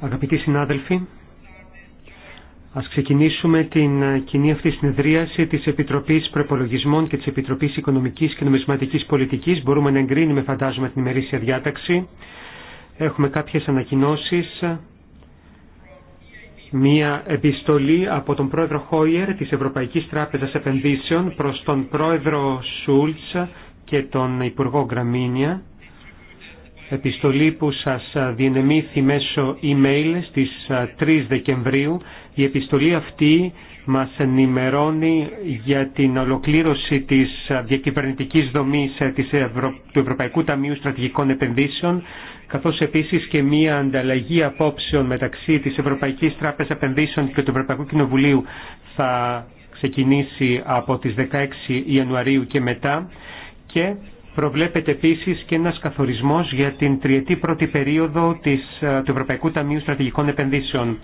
Αγαπητοί συνάδελφοι, ας ξεκινήσουμε την ε, κοινή αυτή συνεδρίαση της Επιτροπής Προπολογισμών και της Επιτροπής Οικονομικής και Νομισματικής Πολιτικής. Μπορούμε να εγκρίνουμε, φαντάζομαι, την ημερήσια διάταξη. Έχουμε κάποιες ανακοινώσεις. Μία επιστολή από τον πρόεδρο Χόιερ της Ευρωπαϊκής Τράπεζας Επενδύσεων προς τον πρόεδρο Σούλτς και τον Υπουργό Γκραμίνια επιστολή που σας διενεμήθη μέσω email στις 3 Δεκεμβρίου. Η επιστολή αυτή μας ενημερώνει για την ολοκλήρωση της διακυβερνητικής δομής ε, της του Ευρωπαϊκού Ταμείου Στρατηγικών Επενδύσεων, καθώς επίσης και μία ανταλλαγή απόψεων μεταξύ της Ευρωπαϊκής Τράπεζας Επενδύσεων και του Ευρωπαϊκού Κοινοβουλίου θα ξεκινήσει από τις 16 Ιανουαρίου και μετά και Προβλέπεται επίση και ένα καθορισμό για την τριετή πρώτη περίοδο της, ε, του Ευρωπαϊκού Ταμείου Στρατηγικών Επενδύσεων.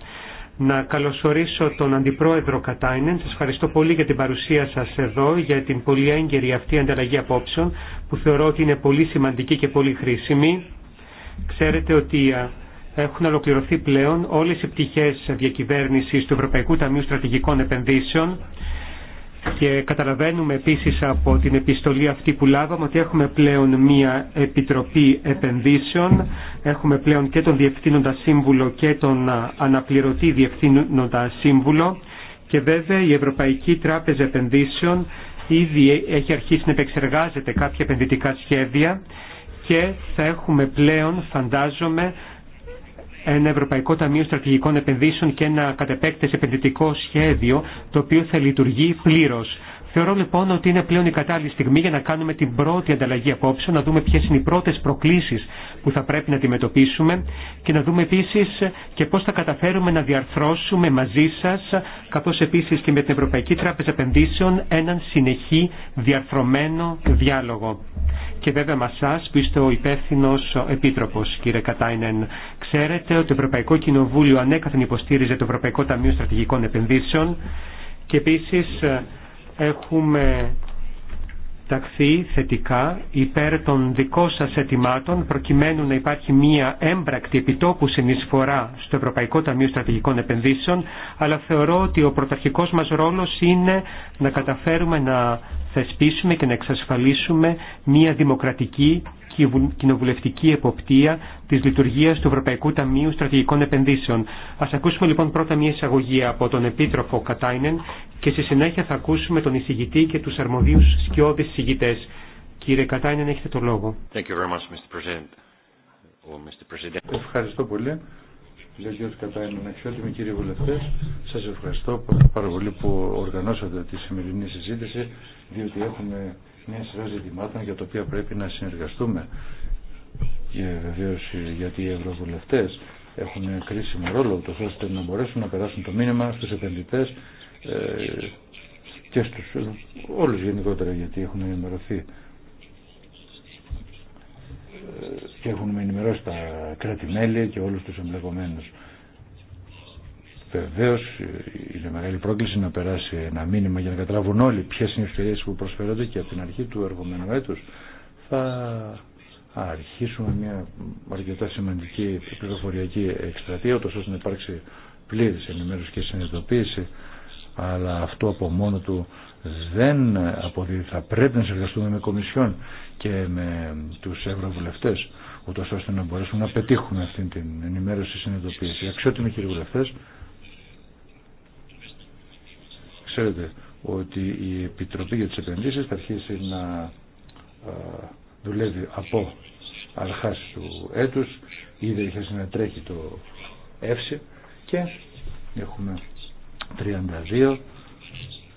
Να καλωσορίσω τον Αντιπρόεδρο Κατάινεν. Σα ευχαριστώ πολύ για την παρουσία σας εδώ, για την πολύ έγκαιρη αυτή ανταλλαγή απόψεων, που θεωρώ ότι είναι πολύ σημαντική και πολύ χρήσιμη. Ξέρετε ότι ε, έχουν ολοκληρωθεί πλέον όλε οι πτυχέ διακυβέρνηση του Ευρωπαϊκού Ταμείου Στρατηγικών Επενδύσεων και καταλαβαίνουμε επίσης από την επιστολή αυτή που λάβαμε ότι έχουμε πλέον μία επιτροπή επενδύσεων, έχουμε πλέον και τον διευθύνοντα σύμβουλο και τον αναπληρωτή διευθύνοντα σύμβουλο και βέβαια η Ευρωπαϊκή Τράπεζα Επενδύσεων ήδη έχει αρχίσει να επεξεργάζεται κάποια επενδυτικά σχέδια και θα έχουμε πλέον, φαντάζομαι, ένα Ευρωπαϊκό Ταμείο Στρατηγικών Επενδύσεων και ένα κατεπέκτες επενδυτικό σχέδιο το οποίο θα λειτουργεί πλήρως. Θεωρώ λοιπόν ότι είναι πλέον η κατάλληλη στιγμή για να κάνουμε την πρώτη ανταλλαγή απόψεων, να δούμε ποιε είναι οι πρώτε προκλήσει που θα πρέπει να αντιμετωπίσουμε και να δούμε επίση και πώ θα καταφέρουμε να διαρθρώσουμε μαζί σα, καθώ επίση και με την Ευρωπαϊκή Τράπεζα Επενδύσεων, έναν συνεχή διαρθρωμένο διάλογο και βέβαια με εσά που είστε ο υπεύθυνο επίτροπο, κύριε Κατάινεν. Ξέρετε ότι το Ευρωπαϊκό Κοινοβούλιο ανέκαθεν υποστήριζε το Ευρωπαϊκό Ταμείο Στρατηγικών Επενδύσεων και επίση ε, έχουμε ταχθεί θετικά υπέρ των δικών σας αιτημάτων προκειμένου να υπάρχει μία έμπρακτη επιτόπου συνεισφορά στο Ευρωπαϊκό Ταμείο Στρατηγικών Επενδύσεων αλλά θεωρώ ότι ο πρωταρχικός μας ρόλος είναι να καταφέρουμε να θεσπίσουμε και να εξασφαλίσουμε μια δημοκρατική και κοινοβουλευτική εποπτεία της λειτουργίας του Ευρωπαϊκού Ταμείου Στρατηγικών Επενδύσεων. Ας ακούσουμε λοιπόν πρώτα μια εισαγωγή από τον Επίτροφο Κατάινεν και στη συνέχεια θα ακούσουμε τον εισηγητή και τους αρμοδίους σκιώδεις εισηγητές. Κύριε Κατάινεν, έχετε το λόγο. Ευχαριστώ πολύ. Λέω κατά Κατάινεν, αξιότιμοι κύριοι βουλευτέ, σας ευχαριστώ πάρα πολύ που οργανώσατε τη σημερινή συζήτηση, διότι έχουμε μια σειρά ζητημάτων για τα οποία πρέπει να συνεργαστούμε. Και βεβαίω γιατί οι ευρωβουλευτές έχουν κρίσιμο ρόλο, το ώστε να μπορέσουν να περάσουν το μήνυμα στου επενδυτέ ε, και στου όλους γενικότερα, γιατί έχουν ενημερωθεί και έχουν ενημερώσει τα κράτη-μέλη και όλους τους εμπλεκομένους. Βεβαίω είναι μεγάλη πρόκληση να περάσει ένα μήνυμα για να καταλάβουν όλοι ποιε είναι οι ευκαιρίε που προσφέρονται και από την αρχή του εργομένου έτου θα αρχίσουμε μια αρκετά σημαντική πληροφοριακή εκστρατεία, ώστε να υπάρξει πλήρη ενημέρωση και συνειδητοποίηση. Αλλά αυτό από μόνο του δεν αποδίδει. Θα πρέπει να συνεργαστούμε με κομισιόν και με τους ευρωβουλευτές ούτως ώστε να μπορέσουν να πετύχουν αυτή την ενημέρωση συνειδητοποίηση. Αξιότιμοι κύριοι βουλευτές, ξέρετε ότι η Επιτροπή για τις Επενδύσεις θα αρχίσει να δουλεύει από αρχάς του έτους, ήδη είχε συνετρέχει το ΕΦΣΙ και έχουμε 32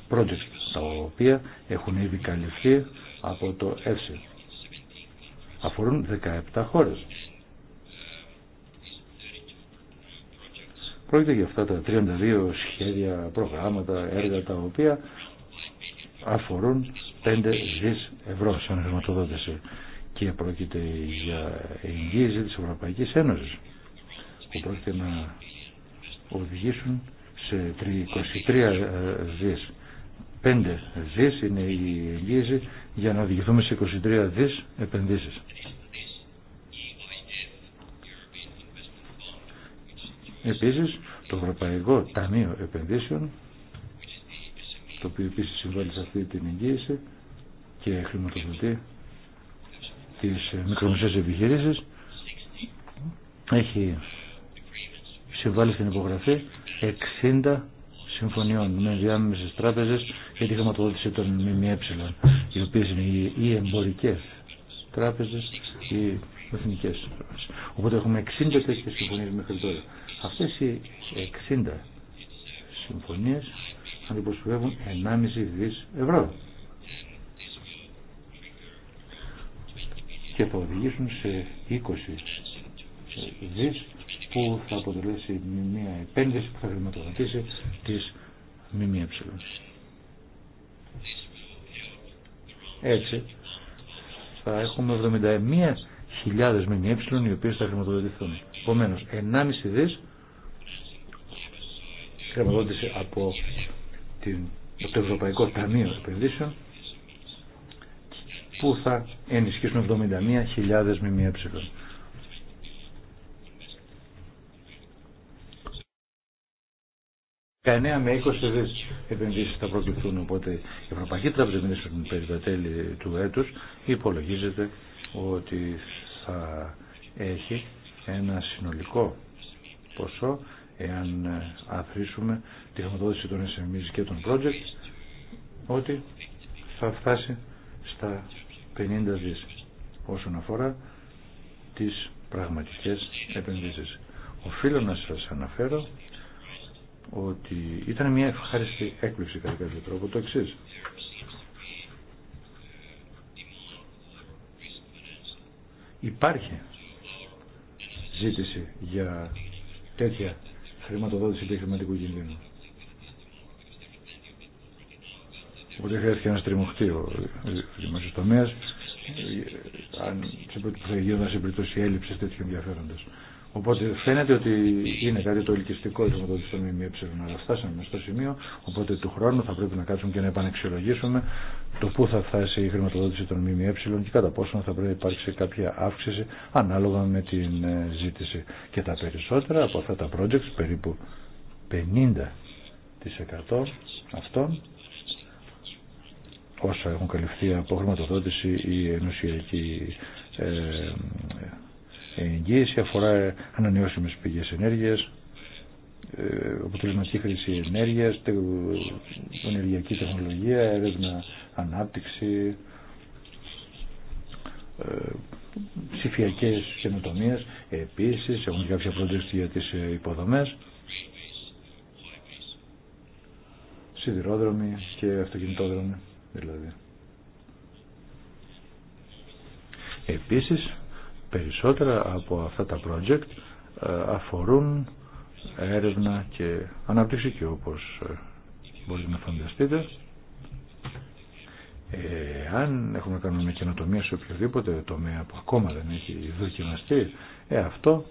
project τα οποία έχουν ήδη καλυφθεί από το ΕΦΣΙ αφορούν 17 χώρες. Πρόκειται για αυτά τα 32 σχέδια, προγράμματα, έργα τα οποία αφορούν 5 δις ευρώ σαν χρηματοδότηση και πρόκειται για εγγύηση της Ευρωπαϊκής Ένωσης που πρόκειται να οδηγήσουν σε 23 ε, δις 5 δις είναι η εγγύηση για να οδηγηθούμε σε 23 δις επενδύσεις. Επίσης, το Ευρωπαϊκό Ταμείο Επενδύσεων, το οποίο επίσης συμβάλλει σε αυτή την εγγύηση και χρηματοδοτεί τις μικρομεσαίες επιχειρήσεις, έχει συμβάλλει στην υπογραφή 60 συμφωνιών με διάμεσες τράπεζες για τη χρηματοδότηση των ΜΜΕ, οι οποίε είναι οι εμπορικέ τράπεζε, οι εθνικέ τράπεζε. Οπότε έχουμε 60 τέτοιε συμφωνίε μέχρι τώρα. Αυτέ οι 60 συμφωνίε αντιπροσωπεύουν 1,5 δι ευρώ. και θα οδηγήσουν σε 20 δις που θα αποτελέσει μια επένδυση που θα χρηματοδοτήσει τις ΜΜΕ. Έτσι θα έχουμε 71.000 ε, οι οποίες θα χρηματοδοτηθούν. Επομένω, 1,5 δις χρηματοδότηση από, την, από το Ευρωπαϊκό Ταμείο Επενδύσεων που θα ενισχύσουν 71.000 ΜΜΕ. 19 με 20 δις επενδύσει θα προκληθούν, οπότε η Ευρωπαϊκή Τράπεζα Επενδύσεων περί τα τέλη του έτους υπολογίζεται ότι θα έχει ένα συνολικό ποσό εάν αφήσουμε τη χρηματοδότηση των SMEs και των project ότι θα φτάσει στα 50 δις όσον αφορά τις πραγματικές επενδύσεις. Οφείλω να σας αναφέρω ότι ήταν μια ευχάριστη έκπληξη κατά κάποιο τρόπο το εξή. Υπάρχει ζήτηση για τέτοια χρηματοδότηση επιχειρηματικού κινδύνου. Οπότε χρειάστηκε ένα τριμωχτή ο δημόσιο τομέα, αν σε πρώτη που θα γύρω σε περίπτωση έλλειψη τέτοιου ενδιαφέροντο. Οπότε φαίνεται ότι είναι κάτι το ελκυστικό η χρηματοδότηση των ΜΜΕ. Αλλά φτάσαμε στο σημείο, οπότε του χρόνου θα πρέπει να κάτσουμε και να επανεξιολογήσουμε το πού θα φτάσει η χρηματοδότηση των ΜΜΕ και κατά πόσο θα πρέπει να υπάρξει κάποια αύξηση ανάλογα με την ε, ζήτηση. Και τα περισσότερα από αυτά τα projects, περίπου 50% αυτών, όσα έχουν καλυφθεί από χρηματοδότηση ή ενωσιακή ε, εγγύηση, αφορά ανανεώσιμες πηγές ενέργειας, ε, αποτελεσματική χρήση ενέργειας, ενεργειακή τεχνολογία, έρευνα, ανάπτυξη, ε, ψηφιακές καινοτομίες, επίσης έχουν και κάποια πρόταση για τις ε, υποδομές, σιδηρόδρομοι και αυτοκινητόδρομοι δηλαδή. Επίσης, Περισσότερα από αυτά τα project ε, αφορούν έρευνα και αναπτύξη και όπως ε, μπορείτε να φανταστείτε αν έχουμε κάνει μια καινοτομία σε οποιοδήποτε τομέα που ακόμα δεν έχει δοκιμαστεί ε, αυτό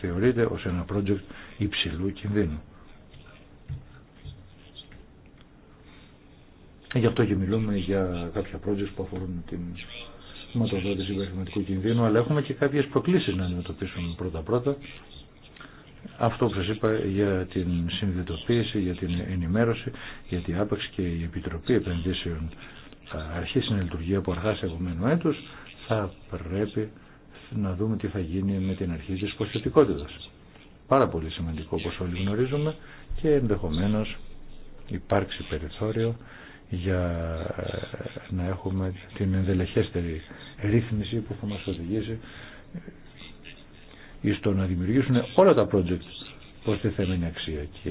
θεωρείται ως ένα project υψηλού κινδύνου. Γι' αυτό και μιλούμε για κάποια projects που αφορούν την χρηματοδότηση υπερχρηματικού κινδύνου, αλλά έχουμε και κάποιες προκλήσει να αντιμετωπίσουμε πρώτα-πρώτα. Αυτό που σας είπα για την συνειδητοποίηση, για την ενημέρωση, γιατί άπαξ και η Επιτροπή Επενδύσεων θα αρχίσει να λειτουργεί από αρχά σε επομένου έτου, θα πρέπει να δούμε τι θα γίνει με την αρχή τη προσθετικότητας. Πάρα πολύ σημαντικό όπω όλοι γνωρίζουμε και ενδεχομένω υπάρξει περιθώριο για ε, να έχουμε την ενδελεχέστερη ρύθμιση που θα μας οδηγήσει στο να δημιουργήσουν όλα τα project πως τη θέμενη αξία και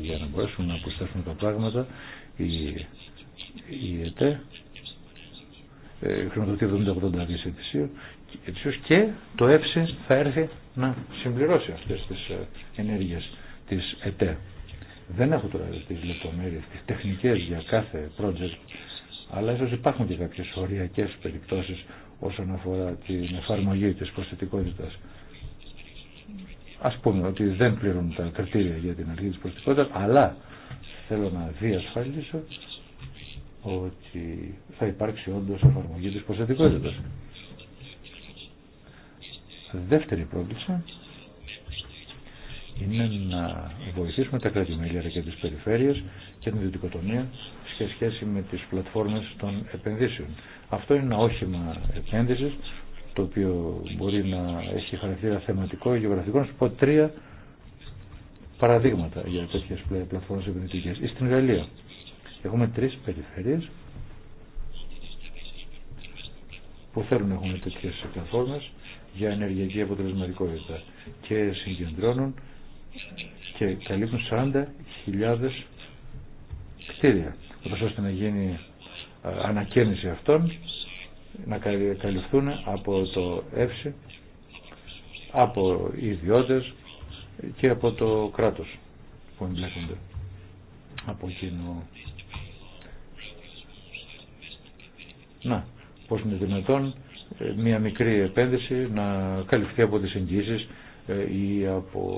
για να μπορέσουν να προσθέσουν τα πράγματα η, η ΕΤΕ ε, χρηματοδοτεί 70-80 δις και το ΕΨΙ θα έρθει να συμπληρώσει αυτές τις ε, ενέργειες της ΕΤΕ. Δεν έχω τώρα τις λεπτομέρειες, τις τεχνικές για κάθε project, αλλά ίσως υπάρχουν και κάποιε οριακέ περιπτώσει όσον αφορά την εφαρμογή τη προσθετικότητα. Ας πούμε ότι δεν πληρούν τα κριτήρια για την αρχή τη προσθετικότητας, αλλά θέλω να διασφαλίσω ότι θα υπάρξει όντω εφαρμογή τη προσθετικότητα. Δεύτερη πρόκληση είναι να βοηθήσουμε τα κράτη-μέλη και τις περιφέρειες και την ιδιωτικοτομία σε σχέση με τις πλατφόρμες των επενδύσεων. Αυτό είναι ένα όχημα επένδυσης το οποίο μπορεί να έχει χαρακτήρα θεματικό ή γεωγραφικό. Να σου πω τρία παραδείγματα για τέτοιες πλατφόρμες επενδυτικές. Στην Γαλλία έχουμε τρεις περιφέρειες που θέλουν να έχουν τέτοιες πλατφόρμες για ενεργειακή αποτελεσματικότητα και συγκεντρώνουν και καλύπτουν 40.000 κτίρια. όπως ώστε να γίνει ε, ανακαίνιση αυτών, να καλυφθούν από το ΕΦΣΙ, από ιδιώτες και από το κράτος που εμπλέκονται από εκείνο Να, πώς είναι δυνατόν ε, μια μικρή επένδυση να καλυφθεί από τις εγγύσεις ε, ή από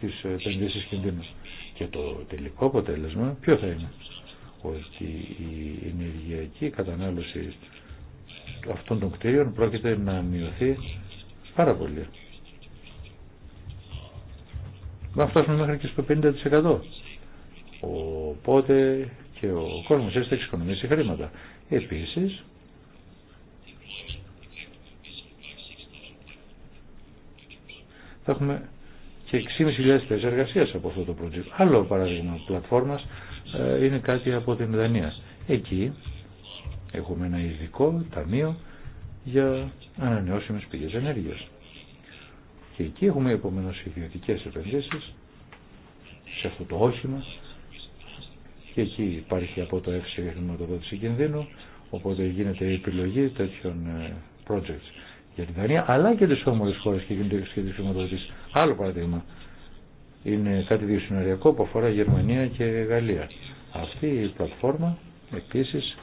της επενδύσεις κινδύνου. Και το τελικό αποτέλεσμα ποιο θα είναι. Ότι η ενεργειακή κατανάλωση αυτών των κτίριων πρόκειται να μειωθεί πάρα πολύ. Να φτάσουμε μέχρι και στο 50%. Οπότε και ο κόσμος έτσι θα εξοικονομήσει χρήματα. Επίσης, θα έχουμε και 6.500 θέσεις από αυτό το project. Άλλο παράδειγμα πλατφόρμας ε, είναι κάτι από την Δανία. Εκεί έχουμε ένα ειδικό ταμείο για ανανεώσιμες πηγές ενέργειας. Και εκεί έχουμε επομένω ιδιωτικέ επενδύσει σε αυτό το όχημα. Και εκεί υπάρχει από το έξι χρηματοδότηση κινδύνου, οπότε γίνεται η επιλογή τέτοιων ε, projects για την Δανία, αλλά και τις όμορες χώρες και τις χρηματοδοτήσεις. Άλλο παράδειγμα είναι κάτι διοσυνοριακό που αφορά Γερμανία και Γαλλία. Αυτή η πλατφόρμα επίσης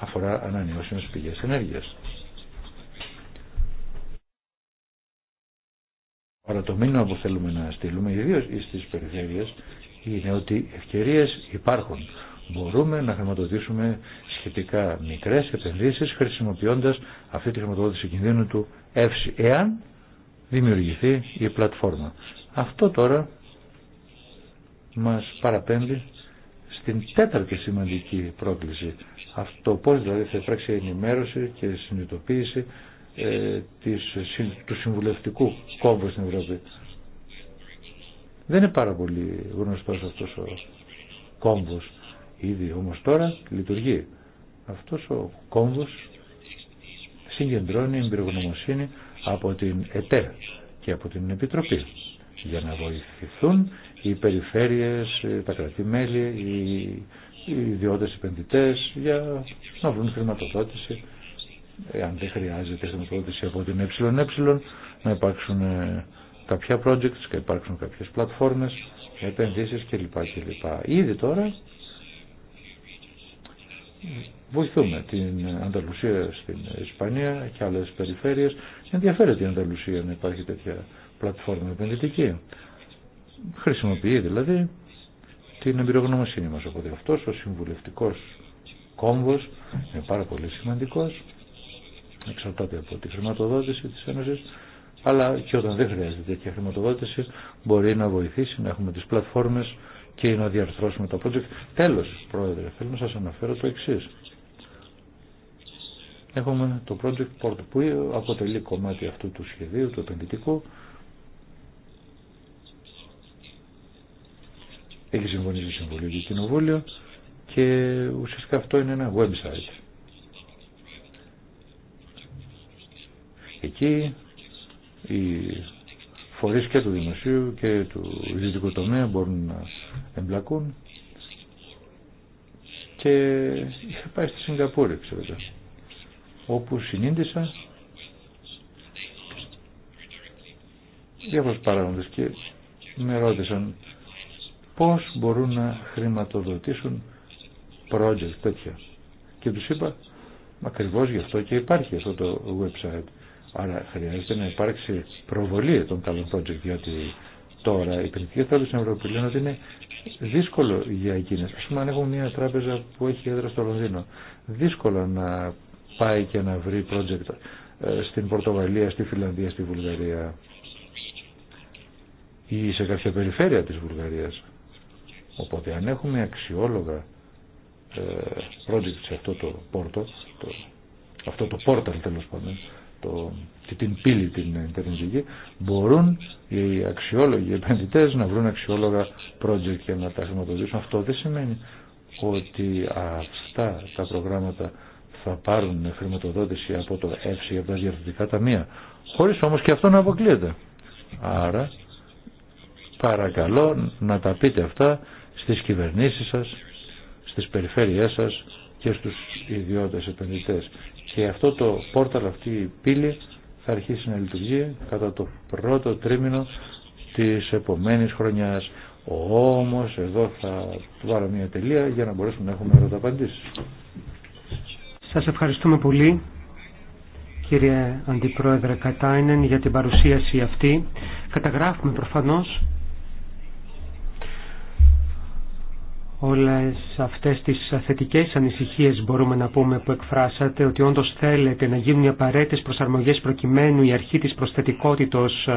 αφορά ανανεώσιμες πηγές ενέργειας. Άρα το μήνυμα που θέλουμε να στείλουμε, ιδίω στι περιφέρειες, είναι ότι ευκαιρίες υπάρχουν. Μπορούμε να χρηματοδοτήσουμε σχετικά μικρές επενδύσεις χρησιμοποιώντας αυτή τη χρηματοδότηση κινδύνου του εύση εάν δημιουργηθεί η πλατφόρμα. Αυτό τώρα μας παραπέμπει στην τέταρτη σημαντική πρόκληση. Αυτό πώς δηλαδή θα υπάρξει ενημέρωση και συνειδητοποίηση ε, της, του συμβουλευτικού κόμβου στην Ευρώπη. Δεν είναι πάρα πολύ γνωστός αυτός ο κόμβος ήδη, όμως τώρα λειτουργεί. Αυτός ο κόμβος συγκεντρώνει εμπειρογνωμοσύνη από την ΕΤΕ και από την Επιτροπή για να βοηθηθούν οι περιφέρειες, τα κρατημέλη, μέλη, οι ιδιώτες επενδυτές για να βρουν χρηματοδότηση αν δεν χρειάζεται χρηματοδότηση από την ΕΕ να υπάρξουν ε, κάποια projects και υπάρξουν κάποιες πλατφόρμες, επενδύσεις κλπ. κλπ. Ήδη τώρα βοηθούμε την Ανταλουσία στην Ισπανία και άλλες περιφέρειες. Ενδιαφέρεται η Ανταλουσία να υπάρχει τέτοια πλατφόρμα επενδυτική. Χρησιμοποιεί δηλαδή την εμπειρογνωμοσύνη μας. Οπότε αυτός ο συμβουλευτικός κόμβος είναι πάρα πολύ σημαντικός. Εξαρτάται από τη χρηματοδότηση της Ένωσης αλλά και όταν δεν χρειάζεται τέτοια χρηματοδότηση μπορεί να βοηθήσει να έχουμε τις πλατφόρμες και να διαρθρώσουμε το project. Τέλος, Πρόεδρε, θέλω να σας αναφέρω το εξής. Έχουμε το project port που αποτελεί κομμάτι αυτού του σχεδίου, του επενδυτικού. Έχει συμφωνήσει συμβουλή και κοινοβούλιο και ουσιαστικά αυτό είναι ένα website. Εκεί η φορείς και του δημοσίου και του ιδιωτικού τομέα μπορούν να εμπλακούν και είχα πάει στη Σιγκαπούρη ξέρετε όπου συνήντησα διάφορους παράγοντες και με ρώτησαν πώς μπορούν να χρηματοδοτήσουν project τέτοια και τους είπα ακριβώς γι' αυτό και υπάρχει αυτό το website Άρα χρειάζεται να υπάρξει προβολή των καλών project, διότι τώρα η ποινική θέση στην Ευρώπη ότι είναι δύσκολο για εκείνε. Α πούμε, αν έχουμε μια τράπεζα που έχει έδρα στο Λονδίνο, δύσκολο να πάει και να βρει project ε, στην Πορτογαλία, στη Φιλανδία, στη Βουλγαρία ή σε κάποια περιφέρεια της Βουλγαρίας. Οπότε αν έχουμε αξιόλογα ε, project σε αυτό το πόρτο, το, αυτό το πόρταλ τέλος πάντων, το, την πύλη την επενδυτική, μπορούν οι αξιόλογοι επενδυτές να βρουν αξιόλογα project και να τα χρηματοδοτήσουν. Αυτό δεν σημαίνει ότι αυτά τα προγράμματα θα πάρουν χρηματοδότηση από το ΕΦΣΙ, από τα διαρθρωτικά ταμεία. Χωρίς όμω και αυτό να αποκλείεται. Άρα, παρακαλώ να τα πείτε αυτά στις κυβερνήσεις σας, στις περιφέρειές σας και στους ιδιώτες επενδυτές. Και αυτό το πόρταλ, αυτή η πύλη θα αρχίσει να λειτουργεί κατά το πρώτο τρίμηνο της επομένης χρονιάς. Όμως εδώ θα βάλω μια τελεία για να μπορέσουμε να έχουμε ερωταπαντήσεις. Σας ευχαριστούμε πολύ κύριε Αντιπρόεδρε Κατάινεν για την παρουσίαση αυτή. Καταγράφουμε προφανώς όλες αυτές τις θετικές ανησυχίες μπορούμε να πούμε που εκφράσατε ότι όντως θέλετε να γίνουν οι απαραίτητες προσαρμογές προκειμένου η αρχή της προσθετικότητος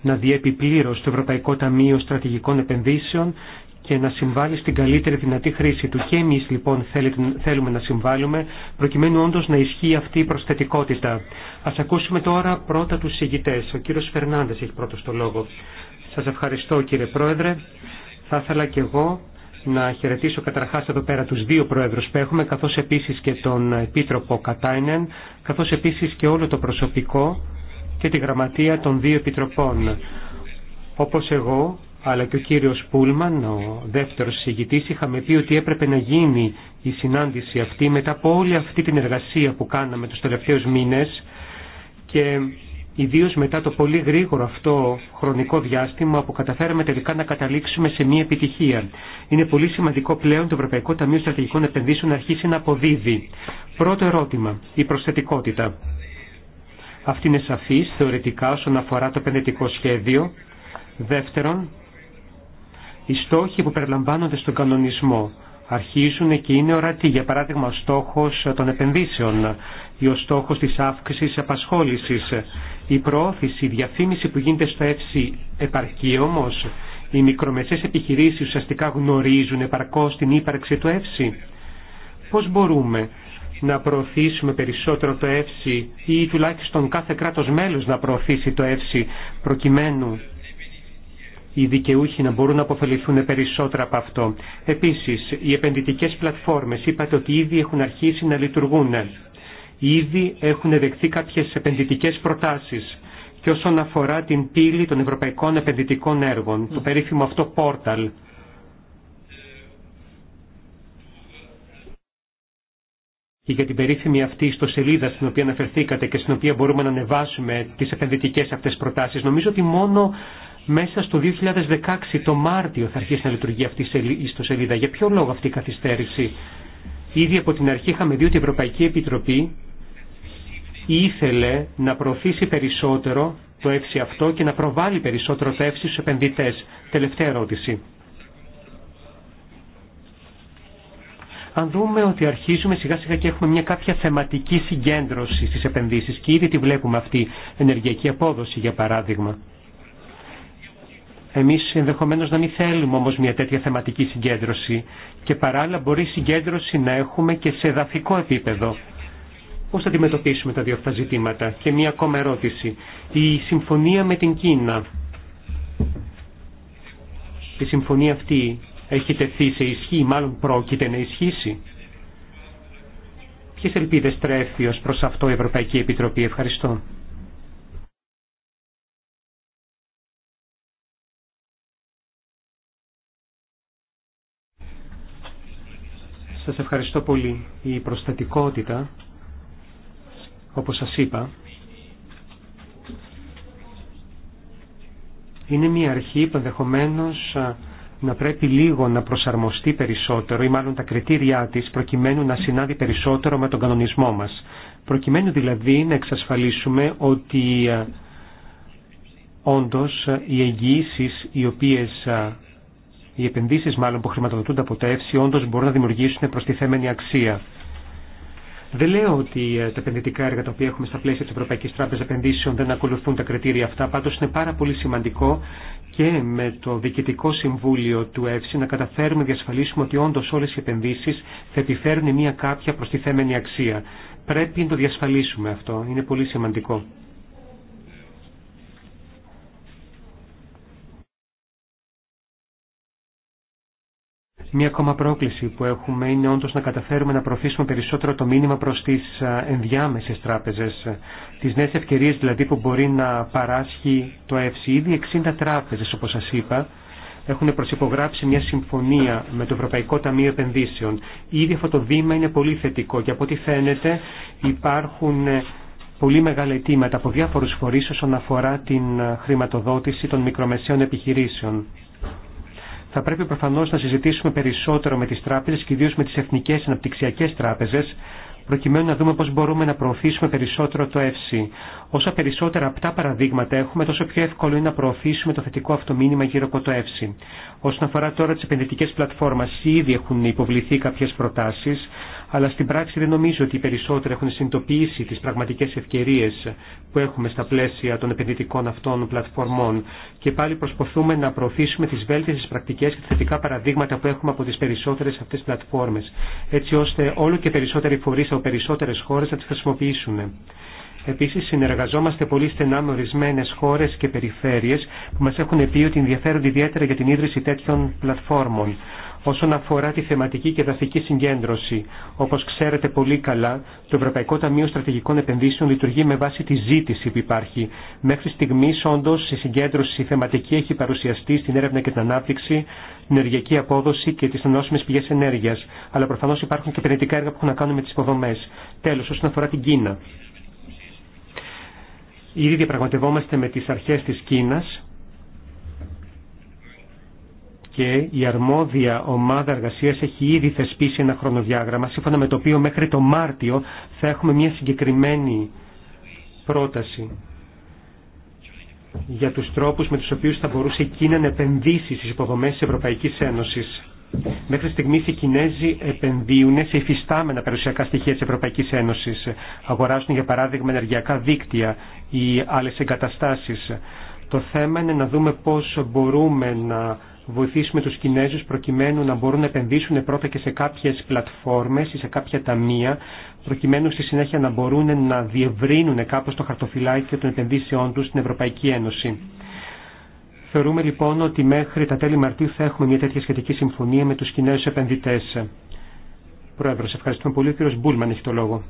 να διέπει πλήρως το Ευρωπαϊκό Ταμείο Στρατηγικών Επενδύσεων και να συμβάλλει στην καλύτερη δυνατή χρήση του. Και εμείς λοιπόν θέλουμε να συμβάλλουμε προκειμένου όντως να ισχύει αυτή η προσθετικότητα. Ας ακούσουμε τώρα πρώτα τους ηγητές. Ο κύριος Φερνάνδες έχει πρώτο το λόγο. Σας ευχαριστώ κύριε Πρόεδρε. Θα ήθελα και εγώ να χαιρετήσω καταρχάς εδώ πέρα τους δύο πρόεδρους που έχουμε, καθώς επίσης και τον Επίτροπο Κατάινεν, καθώς επίσης και όλο το προσωπικό και τη γραμματεία των δύο επιτροπών. Όπως εγώ, αλλά και ο κύριος Πούλμαν, ο δεύτερος συγητής, είχαμε πει ότι έπρεπε να γίνει η συνάντηση αυτή μετά από όλη αυτή την εργασία που κάναμε τους τελευταίους μήνες και ιδίω μετά το πολύ γρήγορο αυτό χρονικό διάστημα που καταφέραμε τελικά να καταλήξουμε σε μια επιτυχία. Είναι πολύ σημαντικό πλέον το Ευρωπαϊκό Ταμείο Στρατηγικών Επενδύσεων να αρχίσει να αποδίδει. Πρώτο ερώτημα, η προσθετικότητα. Αυτή είναι σαφής θεωρητικά όσον αφορά το επενδυτικό σχέδιο. Δεύτερον, οι στόχοι που περιλαμβάνονται στον κανονισμό αρχίζουν και είναι ορατοί. Για παράδειγμα, ο στόχος των επενδύσεων ή ο στόχος της αύξησης απασχόλησης η προώθηση, η διαφήμιση που γίνεται στο ΕΦΣΙ επαρκεί όμως. Οι μικρομεσαίες επιχειρήσεις ουσιαστικά γνωρίζουν επαρκώ την ύπαρξη του ΕΦΣΙ. Πώς μπορούμε να προωθήσουμε περισσότερο το ΕΦΣΙ ή τουλάχιστον κάθε κράτος μέλος να προωθήσει το ΕΦΣΙ προκειμένου οι δικαιούχοι να μπορούν να αποφεληθούν περισσότερα από αυτό. Επίσης, οι επενδυτικές πλατφόρμες είπατε ότι ήδη έχουν αρχίσει να λειτουργούν ήδη έχουν δεχθεί κάποιες επενδυτικές προτάσεις και όσον αφορά την πύλη των ευρωπαϊκών επενδυτικών έργων, το mm. περίφημο αυτό πόρταλ. Και για την περίφημη αυτή ιστοσελίδα στην οποία αναφερθήκατε και στην οποία μπορούμε να ανεβάσουμε τις επενδυτικές αυτές προτάσεις, νομίζω ότι μόνο μέσα στο 2016 το Μάρτιο θα αρχίσει να λειτουργεί αυτή η ιστοσελίδα. Για ποιο λόγο αυτή η καθυστέρηση. Ήδη από την αρχή είχαμε δει ότι η Ευρωπαϊκή Επιτροπή ήθελε να προωθήσει περισσότερο το εύση αυτό και να προβάλλει περισσότερο το εύση στους επενδυτές. Τελευταία ερώτηση. Αν δούμε ότι αρχίζουμε σιγά σιγά και έχουμε μια κάποια θεματική συγκέντρωση στις επενδύσεις και ήδη τη βλέπουμε αυτή, ενεργειακή απόδοση για παράδειγμα. Εμείς ενδεχομένως να μην θέλουμε όμως μια τέτοια θεματική συγκέντρωση και παράλληλα μπορεί συγκέντρωση να έχουμε και σε εδαφικό επίπεδο. Πώ θα αντιμετωπίσουμε τα δύο αυτά ζητήματα. Και μία ακόμα ερώτηση. Η συμφωνία με την Κίνα. Η συμφωνία αυτή έχει τεθεί σε ισχύ, μάλλον πρόκειται να ισχύσει. Ποιε ελπίδε τρέφει ω προς αυτό η Ευρωπαϊκή Επιτροπή. Ευχαριστώ. Σας ευχαριστώ πολύ. Η προστατικότητα όπως σας είπα, είναι μια αρχή που ενδεχομένω να πρέπει λίγο να προσαρμοστεί περισσότερο ή μάλλον τα κριτήριά της προκειμένου να συνάδει περισσότερο με τον κανονισμό μας. Προκειμένου δηλαδή να εξασφαλίσουμε ότι όντως οι εγγυήσει οι οποίες οι επενδύσεις μάλλον που χρηματοδοτούνται από τα όντως μπορούν να δημιουργήσουν προστιθέμενη αξία. Δεν λέω ότι ε, τα επενδυτικά έργα τα οποία έχουμε στα πλαίσια τη Ευρωπαϊκή Τράπεζα Επενδύσεων δεν ακολουθούν τα κριτήρια αυτά. Πάντω είναι πάρα πολύ σημαντικό και με το Διοικητικό Συμβούλιο του ΕΦΣΙ να καταφέρουμε να διασφαλίσουμε ότι όντω όλε οι επενδύσει θα επιφέρουν μια κάποια προστιθέμενη αξία. Πρέπει να το διασφαλίσουμε αυτό. Είναι πολύ σημαντικό. Μία ακόμα πρόκληση που έχουμε είναι όντω να καταφέρουμε να προωθήσουμε περισσότερο το μήνυμα προ τι ε, ενδιάμεσε τράπεζε. Τι νέε ευκαιρίε δηλαδή που μπορεί να παράσχει το ΕΦΣΥ. Ήδη 60 τράπεζε, όπω σα είπα, έχουν προσυπογράψει μια συμφωνία με το Ευρωπαϊκό Ταμείο Επενδύσεων. Ήδη αυτό το βήμα είναι πολύ θετικό και από ό,τι φαίνεται υπάρχουν ε, πολύ μεγάλα αιτήματα από διάφορου φορεί όσον αφορά την ε, χρηματοδότηση των μικρομεσαίων επιχειρήσεων. Θα πρέπει προφανώς να συζητήσουμε περισσότερο με τις τράπεζες και ιδίως με τις εθνικές αναπτυξιακές τράπεζες, προκειμένου να δούμε πώς μπορούμε να προωθήσουμε περισσότερο το ΕΦΣΙ. Όσα περισσότερα απτά παραδείγματα έχουμε, τόσο πιο εύκολο είναι να προωθήσουμε το θετικό αυτό μήνυμα γύρω από το ΕΦΣΙ. Όσον αφορά τώρα τις επενδυτικές πλατφόρμες, ήδη έχουν υποβληθεί κάποιες προτάσεις αλλά στην πράξη δεν νομίζω ότι οι περισσότεροι έχουν συνειδητοποιήσει τις πραγματικές ευκαιρίες που έχουμε στα πλαίσια των επενδυτικών αυτών πλατφορμών και πάλι προσπαθούμε να προωθήσουμε τις βέλτιστες πρακτικές και τα θετικά παραδείγματα που έχουμε από τις περισσότερες αυτές τις έτσι ώστε όλο και περισσότεροι φορεί από περισσότερες χώρες να τις χρησιμοποιήσουν. Επίση, συνεργαζόμαστε πολύ στενά με ορισμένε χώρες και περιφέρειες που μα έχουν πει ότι ενδιαφέρονται ιδιαίτερα για την ίδρυση τέτοιων πλατφόρμων όσον αφορά τη θεματική και δαστική συγκέντρωση. όπω ξέρετε πολύ καλά, το Ευρωπαϊκό Ταμείο Στρατηγικών Επενδύσεων λειτουργεί με βάση τη ζήτηση που υπάρχει. Μέχρι στιγμή όντω η συγκέντρωση θεματική έχει παρουσιαστεί στην έρευνα και την ανάπτυξη, την ενεργειακή απόδοση και τι ανώσιμε πηγέ ενέργεια. Αλλά προφανώ υπάρχουν και επενδυτικά έργα που έχουν να κάνουν με τι υποδομέ. Τέλο, όσον αφορά την Κίνα. Ήδη διαπραγματευόμαστε με τις αρχές της Κίνας και η αρμόδια ομάδα εργασίας έχει ήδη θεσπίσει ένα χρονοδιάγραμμα, σύμφωνα με το οποίο μέχρι το Μάρτιο θα έχουμε μια συγκεκριμένη πρόταση για τους τρόπους με τους οποίους θα μπορούσε η Κίνα να επενδύσει στις υποδομές της Ευρωπαϊκής Ένωσης. Μέχρι στιγμή οι Κινέζοι επενδύουν σε υφιστάμενα περιουσιακά στοιχεία τη Ευρωπαϊκή Ένωση. Αγοράζουν, για παράδειγμα, ενεργειακά δίκτυα ή άλλε εγκαταστάσει. Το θέμα είναι να δούμε πώς μπορούμε να βοηθήσουμε τους Κινέζους προκειμένου να μπορούν να επενδύσουν πρώτα και σε κάποιες πλατφόρμες ή σε κάποια ταμεία, προκειμένου στη συνέχεια να μπορούν να διευρύνουν κάπως το χαρτοφυλάκιο των επενδύσεών τους στην Ευρωπαϊκή Ένωση. Θεωρούμε λοιπόν ότι μέχρι τα τέλη Μαρτίου θα έχουμε μια τέτοια σχετική συμφωνία με τους Κινέζους επενδυτές. Πρόεδρο, ευχαριστούμε πολύ. Ο κύριο Μπούλμαν έχει το λόγο.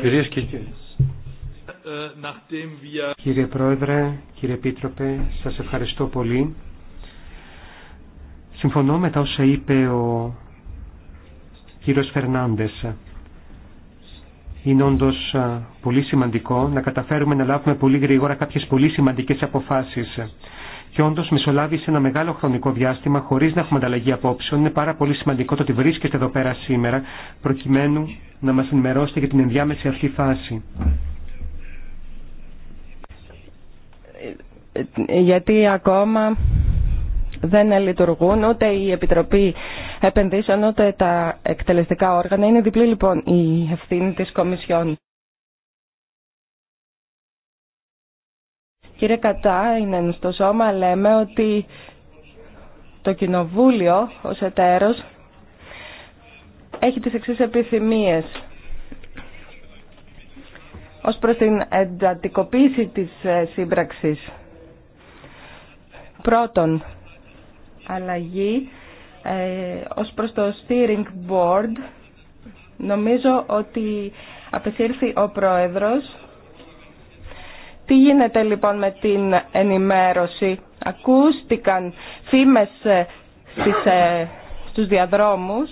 Κυρίε και κύριοι, ε, κύριε Πρόεδρε, κύριε Επίτροπε, σας ευχαριστώ πολύ. Συμφωνώ με τα όσα είπε ο κύριος Φερνάντες. Είναι όντω πολύ σημαντικό να καταφέρουμε να λάβουμε πολύ γρήγορα κάποιες πολύ σημαντικές αποφάσεις. Και όντω μεσολάβησε ένα μεγάλο χρονικό διάστημα χωρί να έχουμε ανταλλαγή απόψεων. Είναι πάρα πολύ σημαντικό το ότι βρίσκεστε εδώ πέρα σήμερα προκειμένου να μα ενημερώσετε για την ενδιάμεση αυτή φάση. γιατί ακόμα δεν λειτουργούν ούτε η Επιτροπή Επενδύσεων ούτε τα εκτελεστικά όργανα. Είναι διπλή λοιπόν η ευθύνη της Κομισιόν. Κύριε Κατά, είναι στο σώμα λέμε ότι το Κοινοβούλιο ως εταίρος έχει τις εξής επιθυμίες. Ως προς την εντατικοποίηση της ε, σύμπραξης Πρώτον, αλλαγή ε, ως προς το steering board. Νομίζω ότι απεσύρθη ο πρόεδρος. Τι γίνεται λοιπόν με την ενημέρωση. Ακούστηκαν φήμες ε, στις, ε, στους διαδρόμους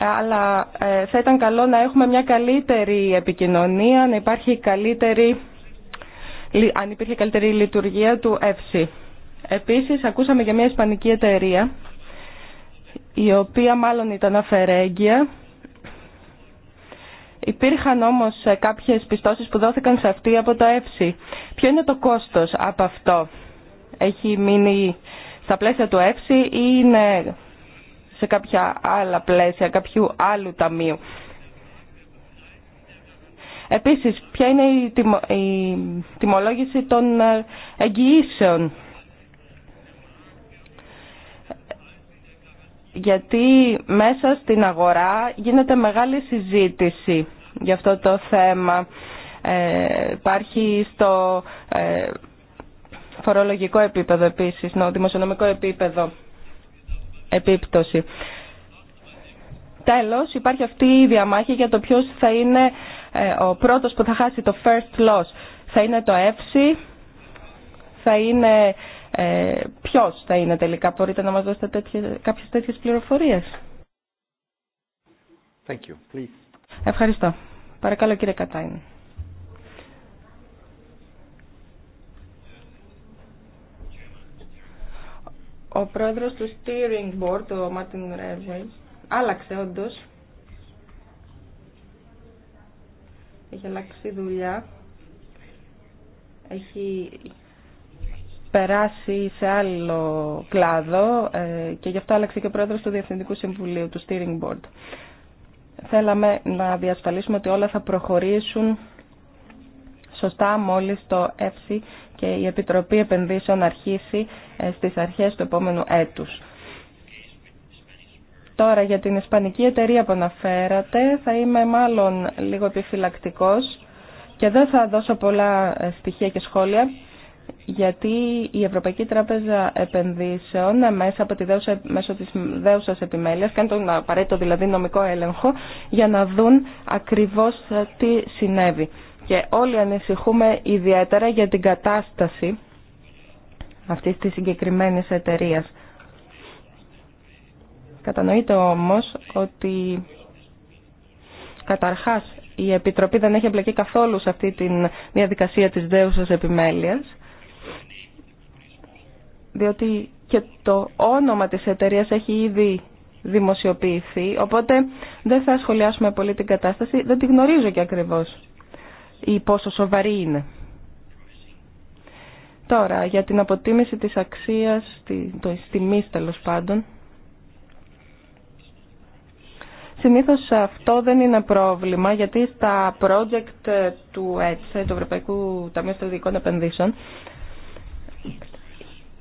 αλλά ε, θα ήταν καλό να έχουμε μια καλύτερη επικοινωνία, να υπάρχει καλύτερη αν υπήρχε καλύτερη λειτουργία του ΕΦΣΙ. Επίσης, ακούσαμε για μια ισπανική εταιρεία, η οποία μάλλον ήταν αφαιρέγγια. Υπήρχαν όμως ε, κάποιες πιστώσεις που δόθηκαν σε αυτή από το ΕΦΣΙ. Ποιο είναι το κόστος από αυτό. Έχει μείνει στα πλαίσια του ΕΦΣΙ ή είναι σε κάποια άλλα πλαίσια, κάποιου άλλου ταμείου. Επίσης, ποια είναι η, η τιμολόγηση των ε, εγγυήσεων. Γιατί μέσα στην αγορά γίνεται μεγάλη συζήτηση για αυτό το θέμα. Ε, υπάρχει στο ε, φορολογικό επίπεδο επίσης, στο δημοσιονομικό επίπεδο επίπτωση. Τέλος, υπάρχει αυτή η διαμάχη για το ποιος θα είναι ε, ο πρώτος που θα χάσει το first loss θα είναι το FC θα είναι ε, ποιος θα είναι τελικά. Μπορείτε να μας δώσετε τέτοιες, κάποιες τέτοιες πληροφορίες. Thank you. Ευχαριστώ. Παρακαλώ κύριε Κατάιν. Ο πρόεδρος του Steering Board, ο Μάρτιν Ρέβελ, άλλαξε όντως έχει αλλάξει δουλειά, έχει περάσει σε άλλο κλάδο ε, και γι' αυτό άλλαξε και ο πρόεδρος του Διευθυντικού Συμβουλίου, του Steering Board. Θέλαμε να διασφαλίσουμε ότι όλα θα προχωρήσουν σωστά μόλις το ΕΦΣΙ και η Επιτροπή Επενδύσεων αρχίσει ε, στις αρχές του επόμενου έτους. Τώρα για την ισπανική εταιρεία που αναφέρατε θα είμαι μάλλον λίγο επιφυλακτικός και δεν θα δώσω πολλά ε, στοιχεία και σχόλια γιατί η Ευρωπαϊκή Τράπεζα Επενδύσεων ε, μέσα από τη δέουσα, μέσω της δέουσας επιμέλειας κάνει τον απαραίτητο δηλαδή νομικό έλεγχο για να δουν ακριβώς ε, τι συνέβη. Και όλοι ανησυχούμε ιδιαίτερα για την κατάσταση αυτής της συγκεκριμένης εταιρείας. Κατανοείται όμως ότι καταρχάς η Επιτροπή δεν έχει εμπλακεί καθόλου σε αυτή τη διαδικασία της δέουσας επιμέλειας, διότι και το όνομα της εταιρείας έχει ήδη δημοσιοποιηθεί, οπότε δεν θα σχολιάσουμε πολύ την κατάσταση, δεν τη γνωρίζω και ακριβώς ή πόσο σοβαρή είναι. Τώρα, για την αποτίμηση της αξίας, της τιμής τέλος πάντων, Συνήθως αυτό δεν είναι πρόβλημα γιατί στα project του ΕΤΣΕ, του Ευρωπαϊκού Ταμείου Στρατηγικών Επενδύσεων,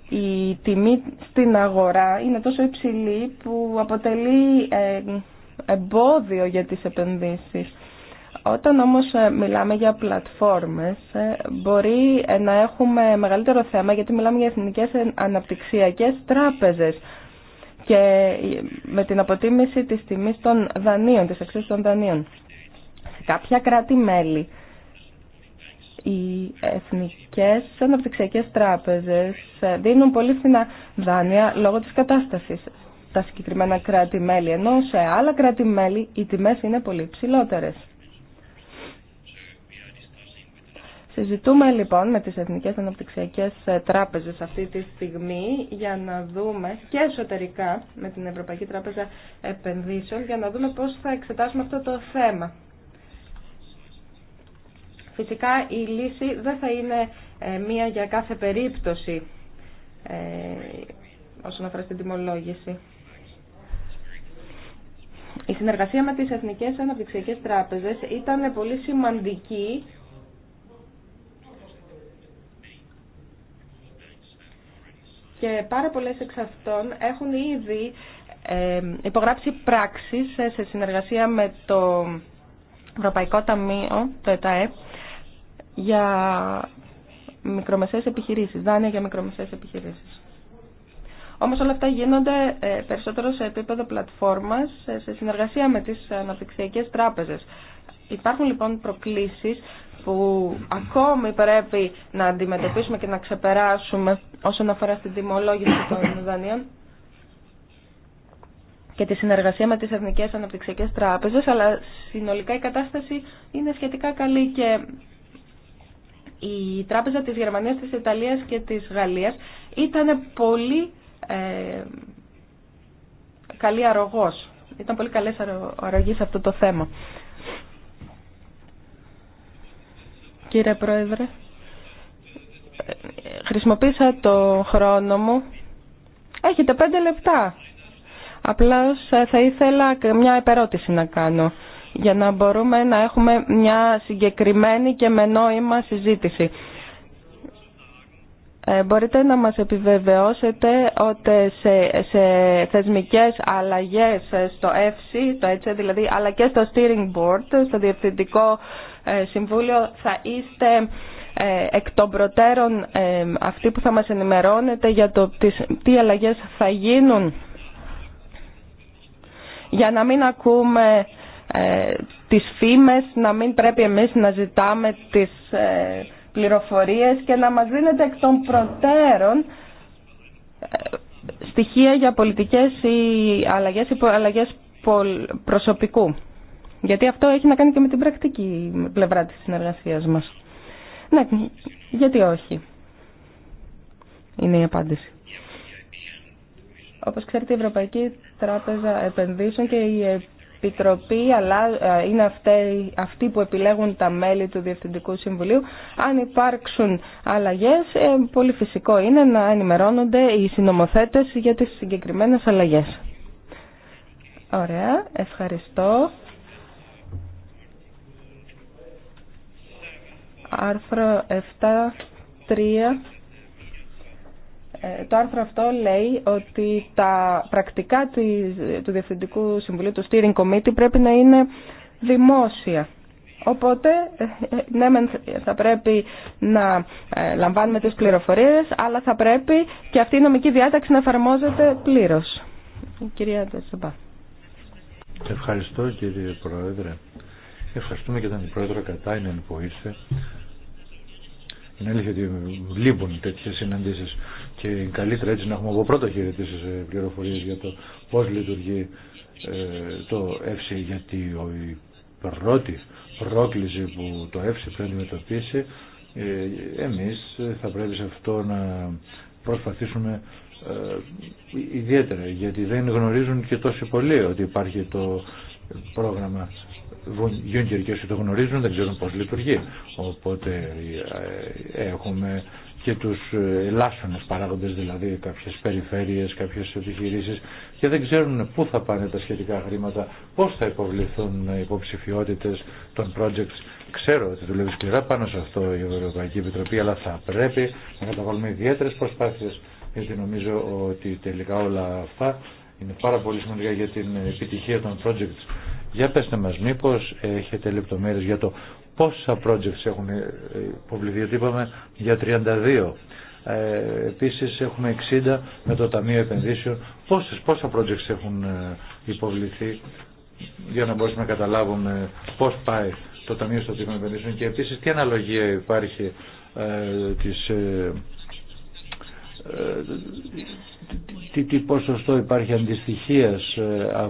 η τιμή στην αγορά είναι τόσο υψηλή που αποτελεί ε, εμπόδιο για τις επενδύσεις. Όταν όμως ε, μιλάμε για πλατφόρμες ε, μπορεί να έχουμε μεγαλύτερο θέμα γιατί μιλάμε για εθνικές αναπτυξιακές τράπεζες και με την αποτίμηση της τιμής των δανείων, της αξίας των δανείων. Σε κάποια κράτη-μέλη, οι εθνικές αναπτυξιακές τράπεζες δίνουν πολύ φθηνά δάνεια λόγω της κατάστασης τα συγκεκριμένα κράτη-μέλη, ενώ σε άλλα κράτη-μέλη οι τιμές είναι πολύ ψηλότερες. Συζητούμε λοιπόν με τις Εθνικές Αναπτυξιακές ε, Τράπεζες αυτή τη στιγμή για να δούμε και εσωτερικά με την Ευρωπαϊκή Τράπεζα Επενδύσεων για να δούμε πώς θα εξετάσουμε αυτό το θέμα. Φυσικά η λύση δεν θα είναι ε, μία για κάθε περίπτωση ε, όσον αφορά στην τιμολόγηση. Η συνεργασία με τις Εθνικές Αναπτυξιακές Τράπεζες ήταν πολύ σημαντική και πάρα πολλές εξ αυτών έχουν ήδη υπογράψει πράξεις σε συνεργασία με το Ευρωπαϊκό Ταμείο, το ΕΤΑΕ, για μικρομεσαίες επιχειρήσεις, δάνεια για μικρομεσαίες επιχειρήσεις. Όμως όλα αυτά γίνονται ε, περισσότερο σε επίπεδο πλατφόρμας, σε συνεργασία με τις αναπτυξιακές τράπεζες. Υπάρχουν λοιπόν προκλήσεις που ακόμη πρέπει να αντιμετωπίσουμε και να ξεπεράσουμε όσον αφορά στην τιμολόγηση των δανείων και τη συνεργασία με τις Εθνικές Αναπτυξιακές Τράπεζες, αλλά συνολικά η κατάσταση είναι σχετικά καλή και η Τράπεζα της Γερμανίας, της Ιταλίας και της Γαλλίας ήταν πολύ ε, καλή αρρωγός. Ήταν πολύ καλές αρρωγές σε αυτό το θέμα. κύριε Πρόεδρε. Χρησιμοποίησα το χρόνο μου. Έχετε πέντε λεπτά. Απλά ε, θα ήθελα μια επερώτηση να κάνω για να μπορούμε να έχουμε μια συγκεκριμένη και με νόημα συζήτηση. Ε, μπορείτε να μας επιβεβαιώσετε ότι σε, σε θεσμικές αλλαγές ε, στο FC, το έτσι δηλαδή, αλλά και στο Steering Board, στο Διευθυντικό ε, Συμβούλιο θα είστε ε, εκ των προτέρων ε, αυτοί που θα μας ενημερώνετε για το τι αλλαγές θα γίνουν για να μην ακούμε τις φήμες, να μην πρέπει εμείς να ζητάμε τις πληροφορίες και να μας δίνετε εκ των προτέρων στοιχεία για πολιτικές ή αλλαγές ή αλλαγές προσωπικού. Γιατί αυτό έχει να κάνει και με την πρακτική πλευρά της συνεργασίας μας. Ναι, γιατί όχι. Είναι η απάντηση. Όπως ξέρετε η Ευρωπαϊκή Τράπεζα Επενδύσεων και η Επιτροπή αλλά ε, είναι αυτοί, που επιλέγουν τα μέλη του Διευθυντικού Συμβουλίου. Αν υπάρξουν αλλαγές, ε, πολύ φυσικό είναι να ενημερώνονται οι συνομοθέτες για τις συγκεκριμένες αλλαγές. Ωραία, ευχαριστώ. άρθρο 7.3 ε, το άρθρο αυτό λέει ότι τα πρακτικά του Διευθυντικού Συμβουλίου, του Steering Committee, πρέπει να είναι δημόσια. Οπότε, ε, ε, ναι, θα πρέπει να λαμβάνουμε τις πληροφορίες, αλλά θα πρέπει και αυτή η νομική διάταξη να εφαρμόζεται πλήρως. Κυρία Τεσσεμπά. Ευχαριστώ κύριε Πρόεδρε. Ευχαριστούμε και τον Πρόεδρο Κατάινεν που ήρθε είναι αλήθεια ότι λείπουν τέτοιε συναντήσει και καλύτερα έτσι να έχουμε από πρώτα χαιρετήσει πληροφορίε για το πώ λειτουργεί ε, το ΕΦΣΙ, γιατί η πρώτη πρόκληση που το ΕΦΣΙ πρέπει να αντιμετωπίσει, ε, εμεί θα πρέπει σε αυτό να προσπαθήσουμε ε, ιδιαίτερα, γιατί δεν γνωρίζουν και τόσο πολύ ότι υπάρχει το πρόγραμμα Γιούγκερ και όσοι το γνωρίζουν δεν ξέρουν πώς λειτουργεί. Οπότε ε, έχουμε και τους ε, ελάσσονες παράγοντες, δηλαδή κάποιες περιφέρειες, κάποιες επιχειρήσεις και δεν ξέρουν πού θα πάνε τα σχετικά χρήματα, πώς θα υποβληθούν υποψηφιότητες των projects. Ξέρω ότι δουλεύει σκληρά πάνω σε αυτό η Ευρωπαϊκή Επιτροπή, αλλά θα πρέπει να καταβάλουμε ιδιαίτερες προσπάθειες γιατί νομίζω ότι τελικά όλα αυτά είναι πάρα πολύ σημαντικά για την επιτυχία των projects για πέστε μας μήπως έχετε λεπτομέρειες για το πόσα projects έχουν υποβληθεί, γιατί είπαμε για 32. Ε, επίσης έχουμε 60 με το Ταμείο Επενδύσεων. Πόσες, πόσα projects έχουν ε, υποβληθεί για να μπορούμε να καταλάβουμε πώς πάει το Ταμείο Στατικών Επενδύσεων και επίσης τι αναλογία υπάρχει ε, της, ε, ε τι, τι ποσοστό υπάρχει αντιστοιχίας ε,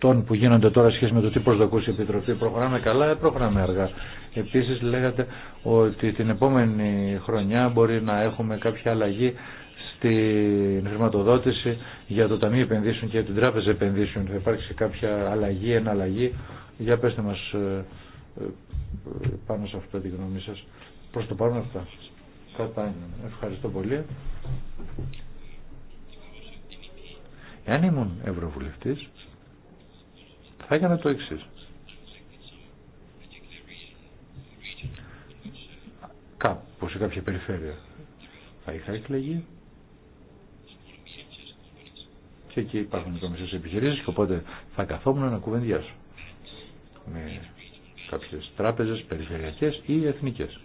των που γίνονται τώρα σχέση με το τι προσδοκούσε η Επιτροπή. Προχωράμε καλά, ε, προχωράμε αργά. Επίση λέγατε ότι την επόμενη χρονιά μπορεί να έχουμε κάποια αλλαγή στην χρηματοδότηση για το Ταμείο Επενδύσεων και την Τράπεζα Επενδύσεων. Θα υπάρξει κάποια αλλαγή, εναλλαγή. Για πέστε μα ε, ε, πάνω σε αυτό τη γνώμη σα. Προ το παρόν αυτά. Κατά Ευχαριστώ πολύ. Εάν ήμουν Ευρωβουλευτής, θα έκανα το εξή. Κάπου σε κάποια περιφέρεια θα είχα εκλεγεί και εκεί υπάρχουν μισές επιχειρήσεις και οπότε θα καθόμουν να κουβεντιάσω με κάποιες τράπεζες περιφερειακές ή εθνικές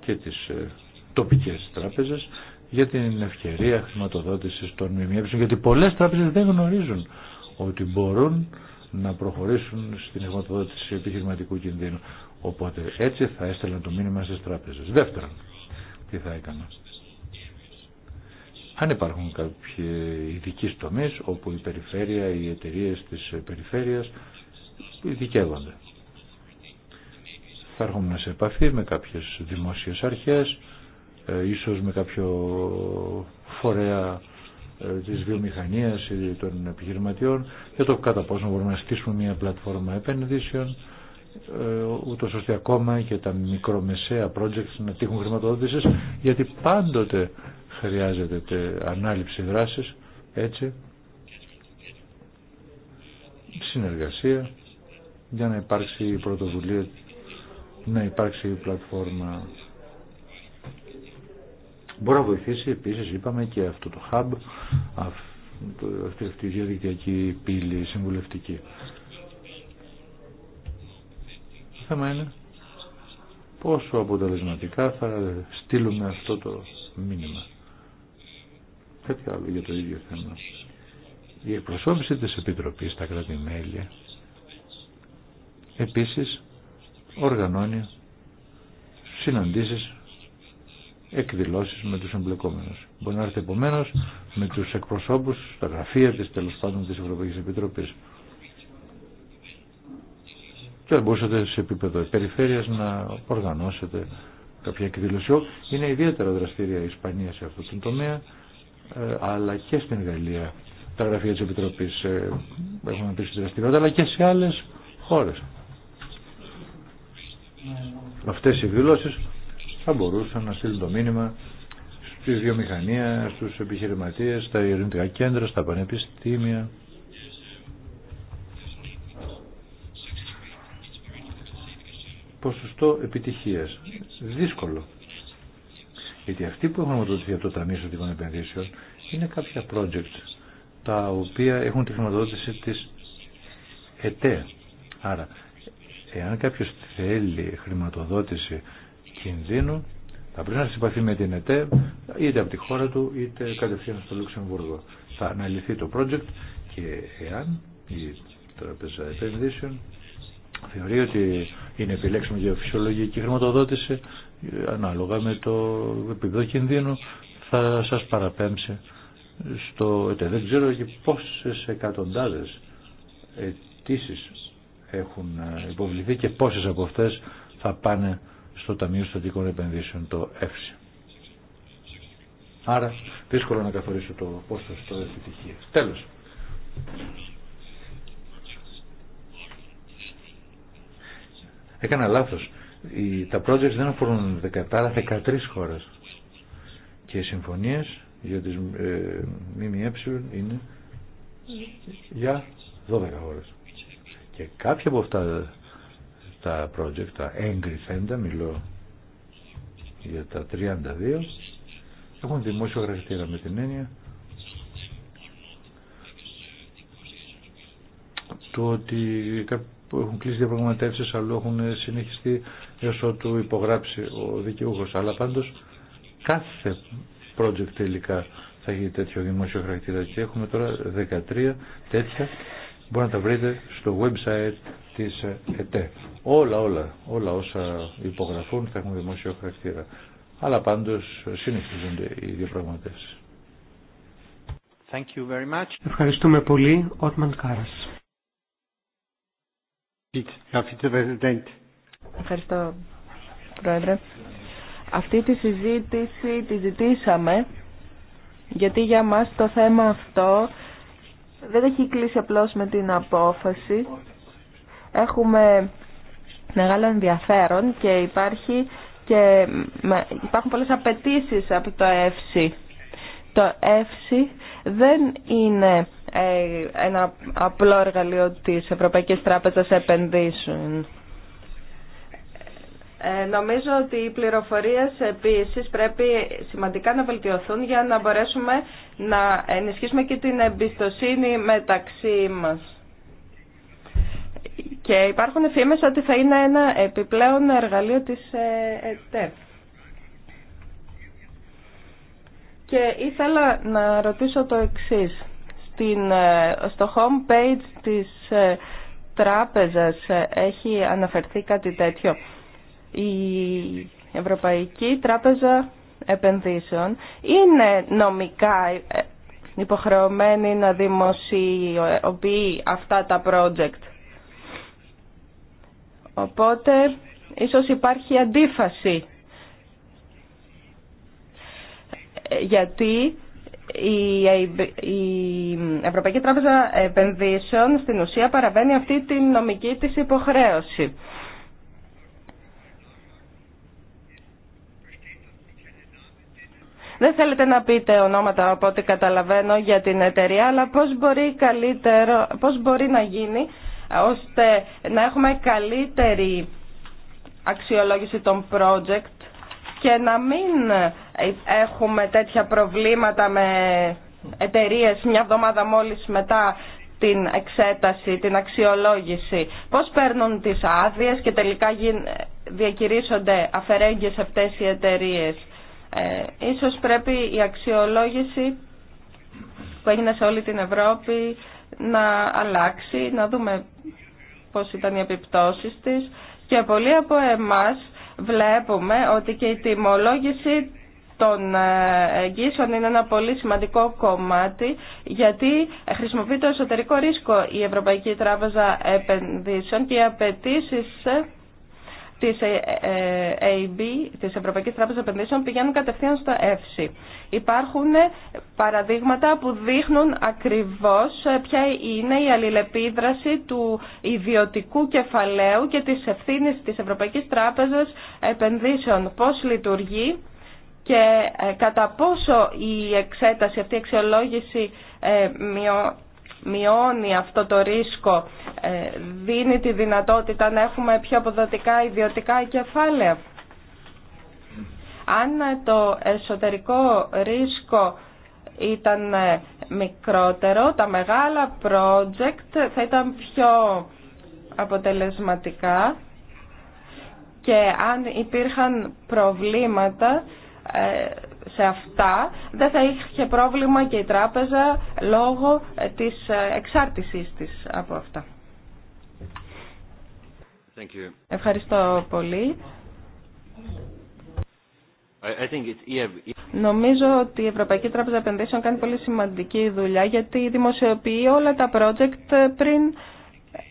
και τις ε, τοπικές τράπεζες για την ευκαιρία χρηματοδότησης των ΜΜΕ, γιατί πολλές τράπεζες δεν γνωρίζουν ότι μπορούν να προχωρήσουν στην χρηματοδότηση επιχειρηματικού κινδύνου. Οπότε έτσι θα έστελναν το μήνυμα στις τράπεζες. Δεύτερον, τι θα έκανα. Αν υπάρχουν κάποιοι ειδικοί τομεί όπου η περιφέρεια, οι εταιρείε της περιφέρειας ειδικεύονται. Θα έρχομαι σε επαφή με κάποιες δημόσιες αρχές, ε, ίσως με κάποιο φορέα ε, της βιομηχανίας ή των επιχειρηματιών για το κατά πόσο μπορούμε να στήσουμε μια πλατφόρμα επενδύσεων ε, ούτως ώστε ακόμα και τα μικρομεσαία projects να τύχουν χρηματοδότησης γιατί πάντοτε χρειάζεται ανάληψη δράσης έτσι συνεργασία για να υπάρξει πρωτοβουλία να υπάρξει πλατφόρμα Μπορεί να βοηθήσει επίση είπαμε, και αυτό το hub, αυτή, η διαδικτυακή πύλη συμβουλευτική. Το θέμα είναι πόσο αποτελεσματικά θα στείλουμε αυτό το μήνυμα. Κάτι άλλο για το ίδιο θέμα. Η εκπροσώπηση της Επιτροπής στα κράτη-μέλη επίσης οργανώνει συναντήσεις εκδηλώσεις με τους εμπλεκόμενους. Μπορεί να έρθει επομένω με τους εκπροσώπους τα γραφεία της τέλος πάντων της Ευρωπαϊκής Επιτροπής. Και αν μπορούσατε σε επίπεδο περιφέρειας να οργανώσετε κάποια εκδήλωση. Είναι ιδιαίτερα δραστήρια η Ισπανία σε αυτό τον τομέα, ε, αλλά και στην Γαλλία τα γραφεία της Επιτροπής ε, έχουν πει δραστηριότητα, αλλά και σε άλλες χώρες. Αυτές οι εκδηλώσεις θα μπορούσαν να στείλουν το μήνυμα στη βιομηχανία, στους επιχειρηματίες, στα ειρηνικά κέντρα, στα πανεπιστήμια. Ποσοστό επιτυχίας. Δύσκολο. Γιατί αυτοί που έχουν χρηματοδοτηθεί από το Ταμείο Στατικών Επενδύσεων είναι κάποια project τα οποία έχουν τη χρηματοδότηση της ΕΤΕ. Άρα, εάν κάποιος θέλει χρηματοδότηση κινδύνου θα πρέπει να συμπαθεί με την ΕΤΕ είτε από τη χώρα του είτε κατευθείαν στο Λουξεμβούργο. Θα αναλυθεί το project και εάν η Τραπεζά Επενδύσεων θεωρεί ότι είναι επιλέξιμη για φυσιολογική χρηματοδότηση ανάλογα με το επίπεδο κινδύνου θα σας παραπέμψει στο ΕΤΕ. Δεν ξέρω και πόσες εκατοντάδες αιτήσει έχουν ε, υποβληθεί και πόσες από αυτές θα πάνε στο Ταμείο Στατικών Επενδύσεων, το ΕΦΣΙ. Άρα, δύσκολο να καθορίσω το πόσο στο επιτυχία. Τέλος. Έκανα λάθος. τα projects δεν αφορούν 17, αλλά 13 χώρες. Και οι συμφωνίες για τις ε, ΜΜΕ είναι για 12 χώρες. Και κάποια από αυτά τα project, τα έγκριθέντα, μιλώ για τα 32, έχουν δημόσιο χαρακτήρα με την έννοια του ότι έχουν κλείσει διαπραγματεύσει, αλλού έχουν συνεχιστεί έω ότου υπογράψει ο δικαιούχο. Αλλά πάντως κάθε project τελικά θα έχει τέτοιο δημόσιο χαρακτήρα. Δηλαδή, Και έχουμε τώρα 13 τέτοια. Μπορείτε να τα βρείτε στο website της ΕΤΕ. Όλα, όλα, όλα όσα υπογραφούν θα έχουν δημόσιο χαρακτήρα. Αλλά πάντως συνεχίζονται οι διαπραγματεύσεις. Thank you very Ευχαριστούμε πολύ, Ότμαν Κάρας. Ευχαριστώ, Πρόεδρε. Αυτή τη συζήτηση τη ζητήσαμε, γιατί για μας το θέμα αυτό δεν έχει κλείσει απλώς με την απόφαση. Έχουμε μεγάλο ενδιαφέρον και, υπάρχει και υπάρχουν πολλές απαιτήσει από το ΕΦΣΥ. Το ΕΦΣΥ δεν είναι ε, ένα απλό εργαλείο της Ευρωπαϊκής Τράπεζας Επενδύσεων. Ε, νομίζω ότι οι πληροφορίες επίσης πρέπει σημαντικά να βελτιωθούν για να μπορέσουμε να ενισχύσουμε και την εμπιστοσύνη μεταξύ μας. Και υπάρχουν φήμες ότι θα είναι ένα επιπλέον εργαλείο της ε, ΕΤΕΠ. Και ήθελα να ρωτήσω το εξής. Στην, ε, στο home page της ε, τράπεζας έχει αναφερθεί κάτι τέτοιο. Η Ευρωπαϊκή Τράπεζα Επενδύσεων είναι νομικά υποχρεωμένη να δημοσιοποιεί αυτά τα project. Οπότε ίσως υπάρχει αντίφαση. Γιατί η Ευρωπαϊκή Τράπεζα Επενδύσεων στην ουσία παραβαίνει αυτή τη νομική της υποχρέωση. Δεν θέλετε να πείτε ονόματα από ό,τι καταλαβαίνω για την εταιρεία, αλλά πώς μπορεί, καλύτερο, πώς μπορεί να γίνει ώστε να έχουμε καλύτερη αξιολόγηση των project και να μην έχουμε τέτοια προβλήματα με εταιρείε μια εβδομάδα μόλις μετά την εξέταση, την αξιολόγηση, πώς παίρνουν τις άδειε και τελικά διακηρύσσονται αφαιρέγγες αυτές οι εταιρείε. Ε, ίσως πρέπει η αξιολόγηση που έγινε σε όλη την Ευρώπη να αλλάξει, να δούμε πώς ήταν οι επιπτώσεις της και πολλοί από εμάς βλέπουμε ότι και η τιμολόγηση των ε, εγγύσεων είναι ένα πολύ σημαντικό κομμάτι γιατί χρησιμοποιεί το εσωτερικό ρίσκο η Ευρωπαϊκή Τράπεζα Επενδύσεων και οι απαιτήσει ε, της AB, ε, ε, ε, της Ευρωπαϊκής Τράπεζας Επενδύσεων, πηγαίνουν κατευθείαν στο ΕΦΣΥ. Υπάρχουν παραδείγματα που δείχνουν ακριβώς ποια είναι η αλληλεπίδραση του ιδιωτικού κεφαλαίου και της ευθύνη της Ευρωπαϊκής Τράπεζας Επενδύσεων, πώς λειτουργεί και κατά πόσο η εξέταση, αυτή η αξιολόγηση μειώνει αυτό το ρίσκο, ε, δίνει τη δυνατότητα να έχουμε πιο αποδοτικά ιδιωτικά κεφάλαια. Αν το εσωτερικό ρίσκο ήταν ε, μικρότερο, τα μεγάλα project θα ήταν πιο αποτελεσματικά και αν υπήρχαν προβλήματα ε, σε αυτά δεν θα είχε πρόβλημα και η τράπεζα λόγω ε, της ε, εξάρτησής της από αυτά. Ευχαριστώ πολύ. E e. Νομίζω ότι η Ευρωπαϊκή Τράπεζα Επενδύσεων κάνει πολύ σημαντική δουλειά γιατί δημοσιοποιεί όλα τα project πριν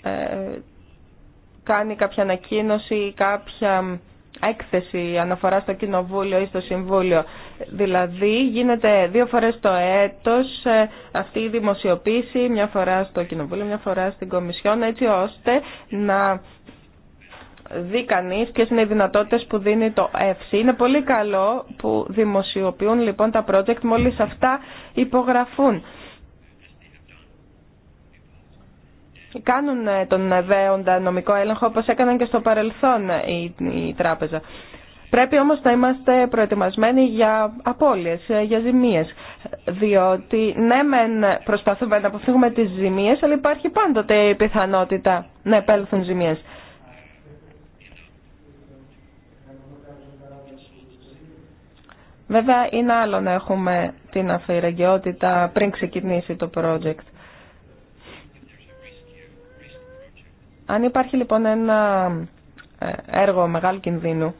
ε, κάνει κάποια ανακοίνωση ή κάποια έκθεση αναφορά στο Κοινοβούλιο ή στο Συμβούλιο. Δηλαδή γίνεται δύο φορές το έτος ε, αυτή η δημοσιοποίηση, μια φορά στο Κοινοβούλιο, μια φορά στην Κομισιόν, έτσι ώστε να δει κανεί ποιε είναι οι δυνατότητε που δίνει το ΕΦΣΥ. Είναι πολύ καλό που δημοσιοποιούν λοιπόν τα project μόλι αυτά υπογραφούν. κάνουν ε, τον ευαίοντα νομικό έλεγχο όπως έκαναν και στο παρελθόν η, τράπεζα. Πρέπει όμως να είμαστε προετοιμασμένοι για απώλειες, ε, για ζημίες. Διότι ναι μεν προσπαθούμε να αποφύγουμε τις ζημίες, αλλά υπάρχει πάντοτε η πιθανότητα να επέλθουν ζημίες. Βέβαια είναι άλλο να έχουμε την αφηρεγγιότητα πριν ξεκινήσει το project. Αν υπάρχει λοιπόν ένα ε, έργο μεγάλου κινδύνου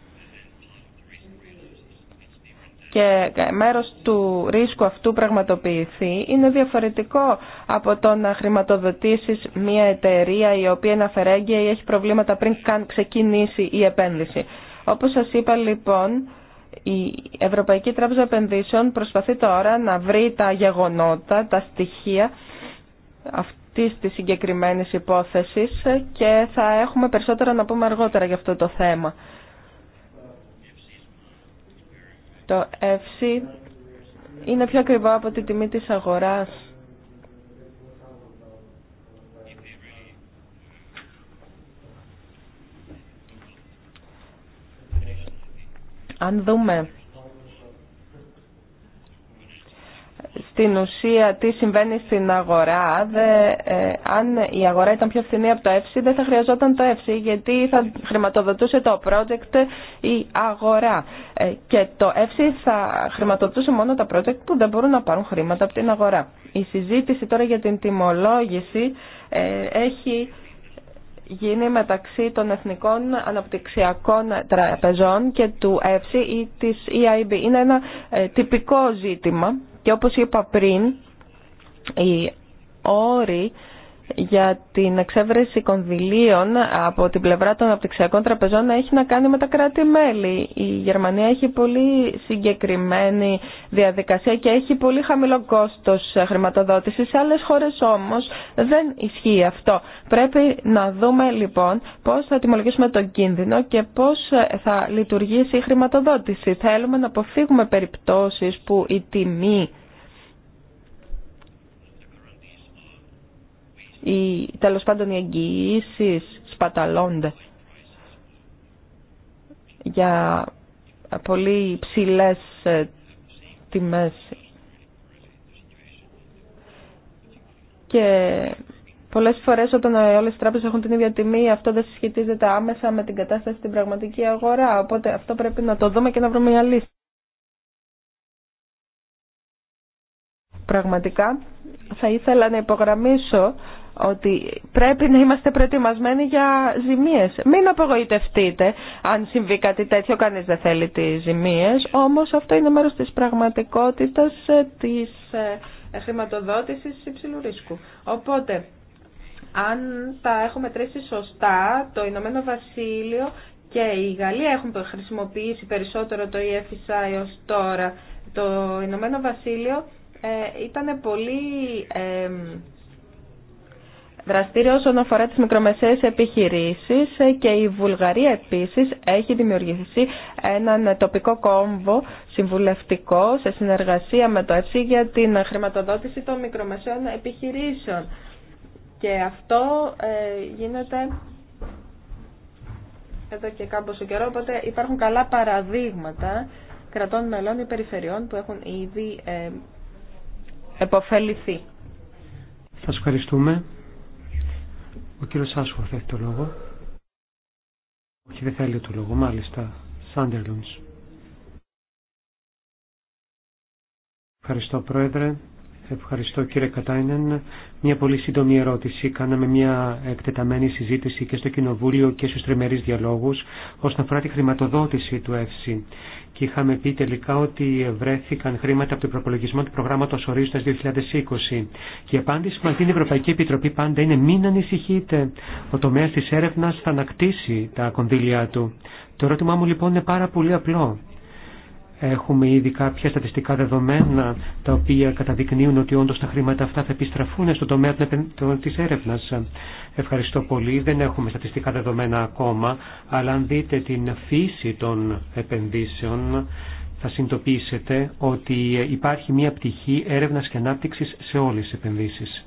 και μέρος του ρίσκου αυτού πραγματοποιηθεί, είναι διαφορετικό από το να χρηματοδοτήσεις μια εταιρεία η οποία είναι αφαιρέγγια ή έχει προβλήματα πριν ξεκινήσει η επένδυση. Όπως σας είπα λοιπόν, η Ευρωπαϊκή Τράπεζα Επενδύσεων προσπαθεί τώρα να βρει τα γεγονότα, τα στοιχεία αυτής της συγκεκριμένης υπόθεσης και θα έχουμε περισσότερα να πούμε αργότερα για αυτό το θέμα. Το FC είναι πιο ακριβό από τη τιμή της αγοράς. Αν δούμε στην ουσία τι συμβαίνει στην αγορά. Ε, αν η αγορά ήταν πιο φθηνή από το ΕΦΣΥ δεν θα χρειαζόταν το ΕΦΣΥ γιατί θα χρηματοδοτούσε το project η αγορά. Ε, και το ΕΦΣΥ θα χρηματοδοτούσε μόνο τα project που δεν μπορούν να πάρουν χρήματα από την αγορά. Η συζήτηση τώρα για την τιμολόγηση ε, έχει γίνει μεταξύ των Εθνικών Αναπτυξιακών Τραπεζών και του ΕΦΣΥ ή της EIB. Είναι ένα τυπικό ζήτημα και όπως είπα πριν, οι όροι για την εξέβρεση κονδυλίων από την πλευρά των αναπτυξιακών τραπεζών έχει να κάνει με τα κράτη-μέλη. Η Γερμανία έχει πολύ συγκεκριμένη διαδικασία και έχει πολύ χαμηλό κόστος χρηματοδότησης. Σε άλλες χώρες όμως δεν ισχύει αυτό. Πρέπει να δούμε λοιπόν πώς θα τιμολογήσουμε τον κίνδυνο και πώς θα λειτουργήσει η χρηματοδότηση. Θέλουμε να αποφύγουμε περιπτώσεις που η τιμή οι, τέλος πάντων οι εγγυήσει σπαταλώνται για πολύ ψηλές ε, τιμές και πολλές φορές όταν όλες οι τράπεζες έχουν την ίδια τιμή αυτό δεν συσχετίζεται άμεσα με την κατάσταση στην πραγματική αγορά οπότε αυτό πρέπει να το δούμε και να βρούμε μια λύση. Πραγματικά θα ήθελα να υπογραμμίσω ότι πρέπει να είμαστε προετοιμασμένοι για ζημίες. Μην απογοητευτείτε αν συμβεί κάτι τέτοιο, κανείς δεν θέλει τις ζημίες, όμως αυτό είναι μέρος της πραγματικότητας ε, της ε, χρηματοδότησης υψηλού ρίσκου. Οπότε, αν τα έχουμε τρέσει σωστά, το Ηνωμένο Βασίλειο και η Γαλλία έχουν χρησιμοποιήσει περισσότερο το EFSI ως τώρα. Το Ηνωμένο Βασίλειο ε, ήταν πολύ δραστήριο όσον αφορά τις μικρομεσαίες επιχειρήσεις και η Βουλγαρία επίσης έχει δημιουργήσει έναν τοπικό κόμβο συμβουλευτικό σε συνεργασία με το ΕΦΣΥ για την χρηματοδότηση των μικρομεσαίων επιχειρήσεων. Και αυτό ε, γίνεται εδώ και κάμποσο καιρό, οπότε υπάρχουν καλά παραδείγματα κρατών μελών ή περιφερειών που έχουν ήδη ε, επωφεληθεί. Σας ευχαριστούμε. Ο κύριος Άσουαρθ έχει το λόγο. Όχι, δεν θέλει το λόγο, μάλιστα. Σάντερλουνς. Ευχαριστώ, Πρόεδρε. Ευχαριστώ κύριε Κατάινεν. Μια πολύ σύντομη ερώτηση. Κάναμε μια εκτεταμένη συζήτηση και στο Κοινοβούλιο και στους τριμερείς διαλόγους όσον αφορά τη χρηματοδότηση του ΕΦΣΥ. Και είχαμε πει τελικά ότι βρέθηκαν χρήματα από τον προπολογισμό του προγράμματος ορίστας 2020. Και η απάντηση που μας δίνει η Ευρωπαϊκή Επιτροπή πάντα είναι μην ανησυχείτε. Ο τομέας της έρευνας θα ανακτήσει τα κονδύλια του. Το ερώτημά μου λοιπόν είναι πάρα πολύ απλό. Έχουμε ήδη κάποια στατιστικά δεδομένα τα οποία καταδεικνύουν ότι όντως τα χρήματα αυτά θα επιστραφούν στον τομέα της έρευνας. Ευχαριστώ πολύ. Δεν έχουμε στατιστικά δεδομένα ακόμα, αλλά αν δείτε την φύση των επενδύσεων θα συνειδητοποιήσετε ότι υπάρχει μια πτυχή έρευνας και ανάπτυξης σε όλες τις επενδύσεις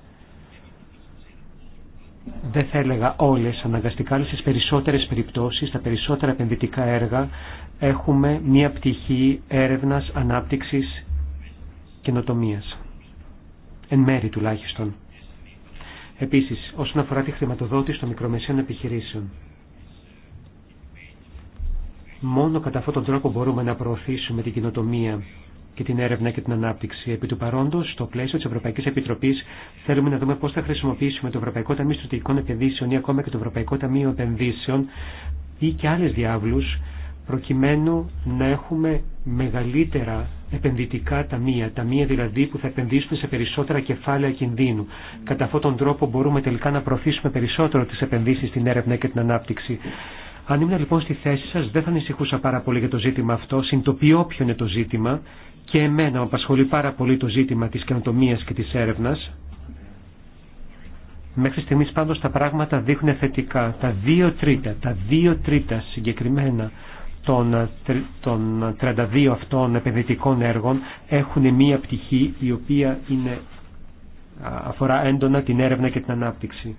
δεν θα έλεγα όλες αναγκαστικά, αλλά στις περισσότερες περιπτώσεις, στα περισσότερα επενδυτικά έργα, έχουμε μία πτυχή έρευνας, ανάπτυξης, καινοτομίας. Εν μέρη τουλάχιστον. Επίσης, όσον αφορά τη χρηματοδότηση των μικρομεσαίων επιχειρήσεων, μόνο κατά αυτόν τον τρόπο μπορούμε να προωθήσουμε την κοινοτομία και την έρευνα και την ανάπτυξη. Επί του παρόντο, στο πλαίσιο τη Ευρωπαϊκή Επιτροπή, θέλουμε να δούμε πώ θα χρησιμοποιήσουμε το Ευρωπαϊκό Ταμείο Στρατηγικών Επενδύσεων ή ακόμα και το Ευρωπαϊκό Ταμείο Επενδύσεων ή και άλλε διάβλου, προκειμένου να έχουμε μεγαλύτερα επενδυτικά ταμεία, ταμεία δηλαδή που θα επενδύσουν σε περισσότερα κεφάλαια κινδύνου. Κατά αυτόν τον τρόπο μπορούμε τελικά να προωθήσουμε περισσότερο τις επενδύσεις στην έρευνα και την ανάπτυξη. Αν ήμουν λοιπόν στη θέση σας δεν θα ανησυχούσα πάρα πολύ για το ζήτημα αυτό, συντοπιώ ποιο είναι το ζήτημα και εμένα μου απασχολεί πάρα πολύ το ζήτημα της καινοτομίας και της έρευνας. Μέχρι στιγμής πάντως τα πράγματα δείχνουν θετικά. Τα δύο τρίτα, τα δύο τρίτα συγκεκριμένα των, των 32 αυτών επενδυτικών έργων έχουν μία πτυχή η οποία είναι, αφορά έντονα την έρευνα και την ανάπτυξη.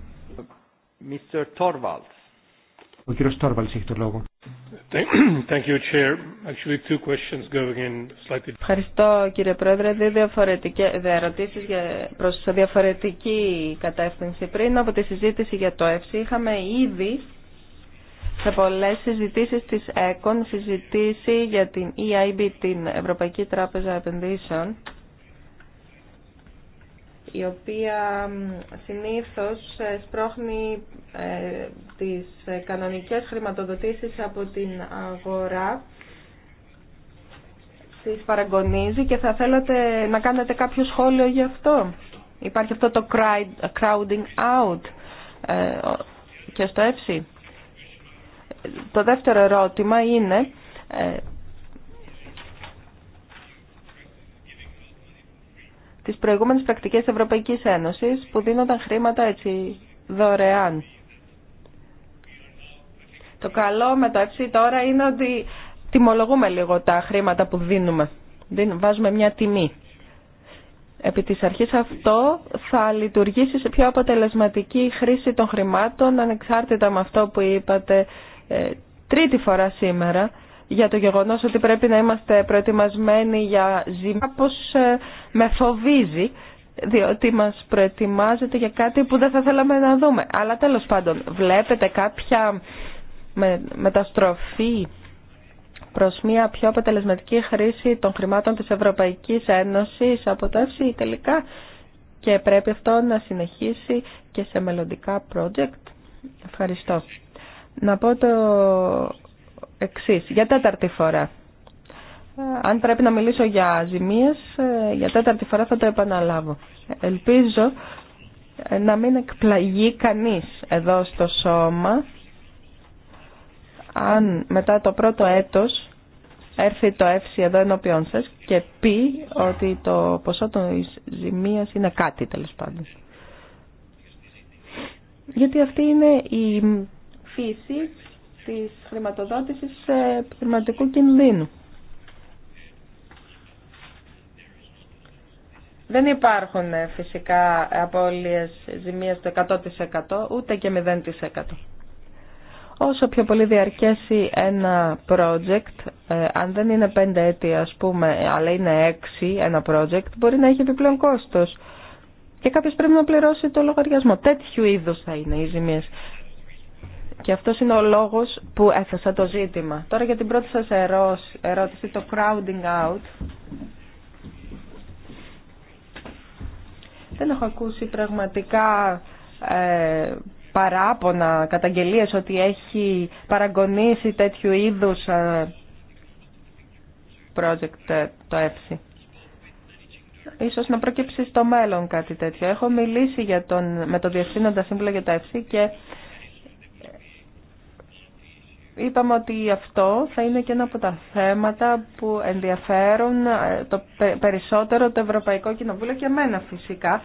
Mr. Torvalds. Ο κύριος Τόρβαλς έχει το λόγο. Ευχαριστώ κύριε Πρόεδρε. Δύο διαφορετικές ερωτήσεις για... διαφορετική κατεύθυνση. Πριν από τη συζήτηση για το ΕΦΣΥ είχαμε ήδη σε πολλέ συζητήσει της ΕΚΟΝ συζητήσει για την EIB, την Ευρωπαϊκή Τράπεζα Επενδύσεων η οποία συνήθως ε, σπρώχνει ε, τις ε, κανονικές χρηματοδοτήσεις από την αγορά τις παραγωνίζει και θα θέλατε να κάνετε κάποιο σχόλιο γι' αυτό. Υπάρχει αυτό το crowding out και στο ΕΦΣΥ. Το δεύτερο ερώτημα είναι τις προηγούμενες πρακτικές Ευρωπαϊκής Ένωσης που δίνονταν χρήματα έτσι δωρεάν. Το καλό μεταξύ τώρα είναι ότι τιμολογούμε λίγο τα χρήματα που δίνουμε. Βάζουμε μια τιμή. Επί της αρχής αυτό θα λειτουργήσει σε πιο αποτελεσματική χρήση των χρημάτων ανεξάρτητα με αυτό που είπατε ε, τρίτη φορά σήμερα για το γεγονός ότι πρέπει να είμαστε προετοιμασμένοι για ζημιά, πως ε, με φοβίζει διότι μας προετοιμάζεται για κάτι που δεν θα θέλαμε να δούμε. Αλλά τέλος πάντων, βλέπετε κάποια μεταστροφή προς μια πιο αποτελεσματική χρήση των χρημάτων της Ευρωπαϊκής Ένωσης από το τελικά και πρέπει αυτό να συνεχίσει και σε μελλοντικά project. Ευχαριστώ. Να πω το εξής, για τέταρτη φορά. Ε, αν πρέπει να μιλήσω για ζημίες, ε, για τέταρτη φορά θα το επαναλάβω. Ελπίζω ε, να μην εκπλαγεί κανείς εδώ στο σώμα αν μετά το πρώτο έτος έρθει το εύση εδώ ενώπιόν σας και πει ότι το ποσό των ζημίας είναι κάτι τέλο πάντων. Γιατί αυτή είναι η φύση της χρηματοδότησης ε, πνευματικού κινδύνου. Δεν υπάρχουν ε, φυσικά απώλειες ζημίας το 100% ούτε και 0%. Όσο πιο πολύ διαρκέσει ένα project, ε, αν δεν είναι 5 έτη ας πούμε, αλλά είναι 6 ένα project, μπορεί να έχει επιπλέον κόστος. Και κάποιος πρέπει να πληρώσει το λογαριασμό. Τέτοιου είδους θα είναι οι ζημίες. Και αυτός είναι ο λόγος που έθεσα το ζήτημα. Τώρα για την πρώτη σας ερώτηση, το crowding out. Δεν έχω ακούσει πραγματικά ε, παράπονα, καταγγελίες ότι έχει παραγωνίσει τέτοιου είδους ε, project ε, το ΕΦΣΙ. Ίσως να προκύψει στο μέλλον κάτι τέτοιο. Έχω μιλήσει για τον, με τον Διευθύνοντα Σύμβουλο για το ΕΦΣΥ και Είπαμε ότι αυτό θα είναι και ένα από τα θέματα που ενδιαφέρουν ε, το περισσότερο το Ευρωπαϊκό Κοινοβούλιο και εμένα φυσικά,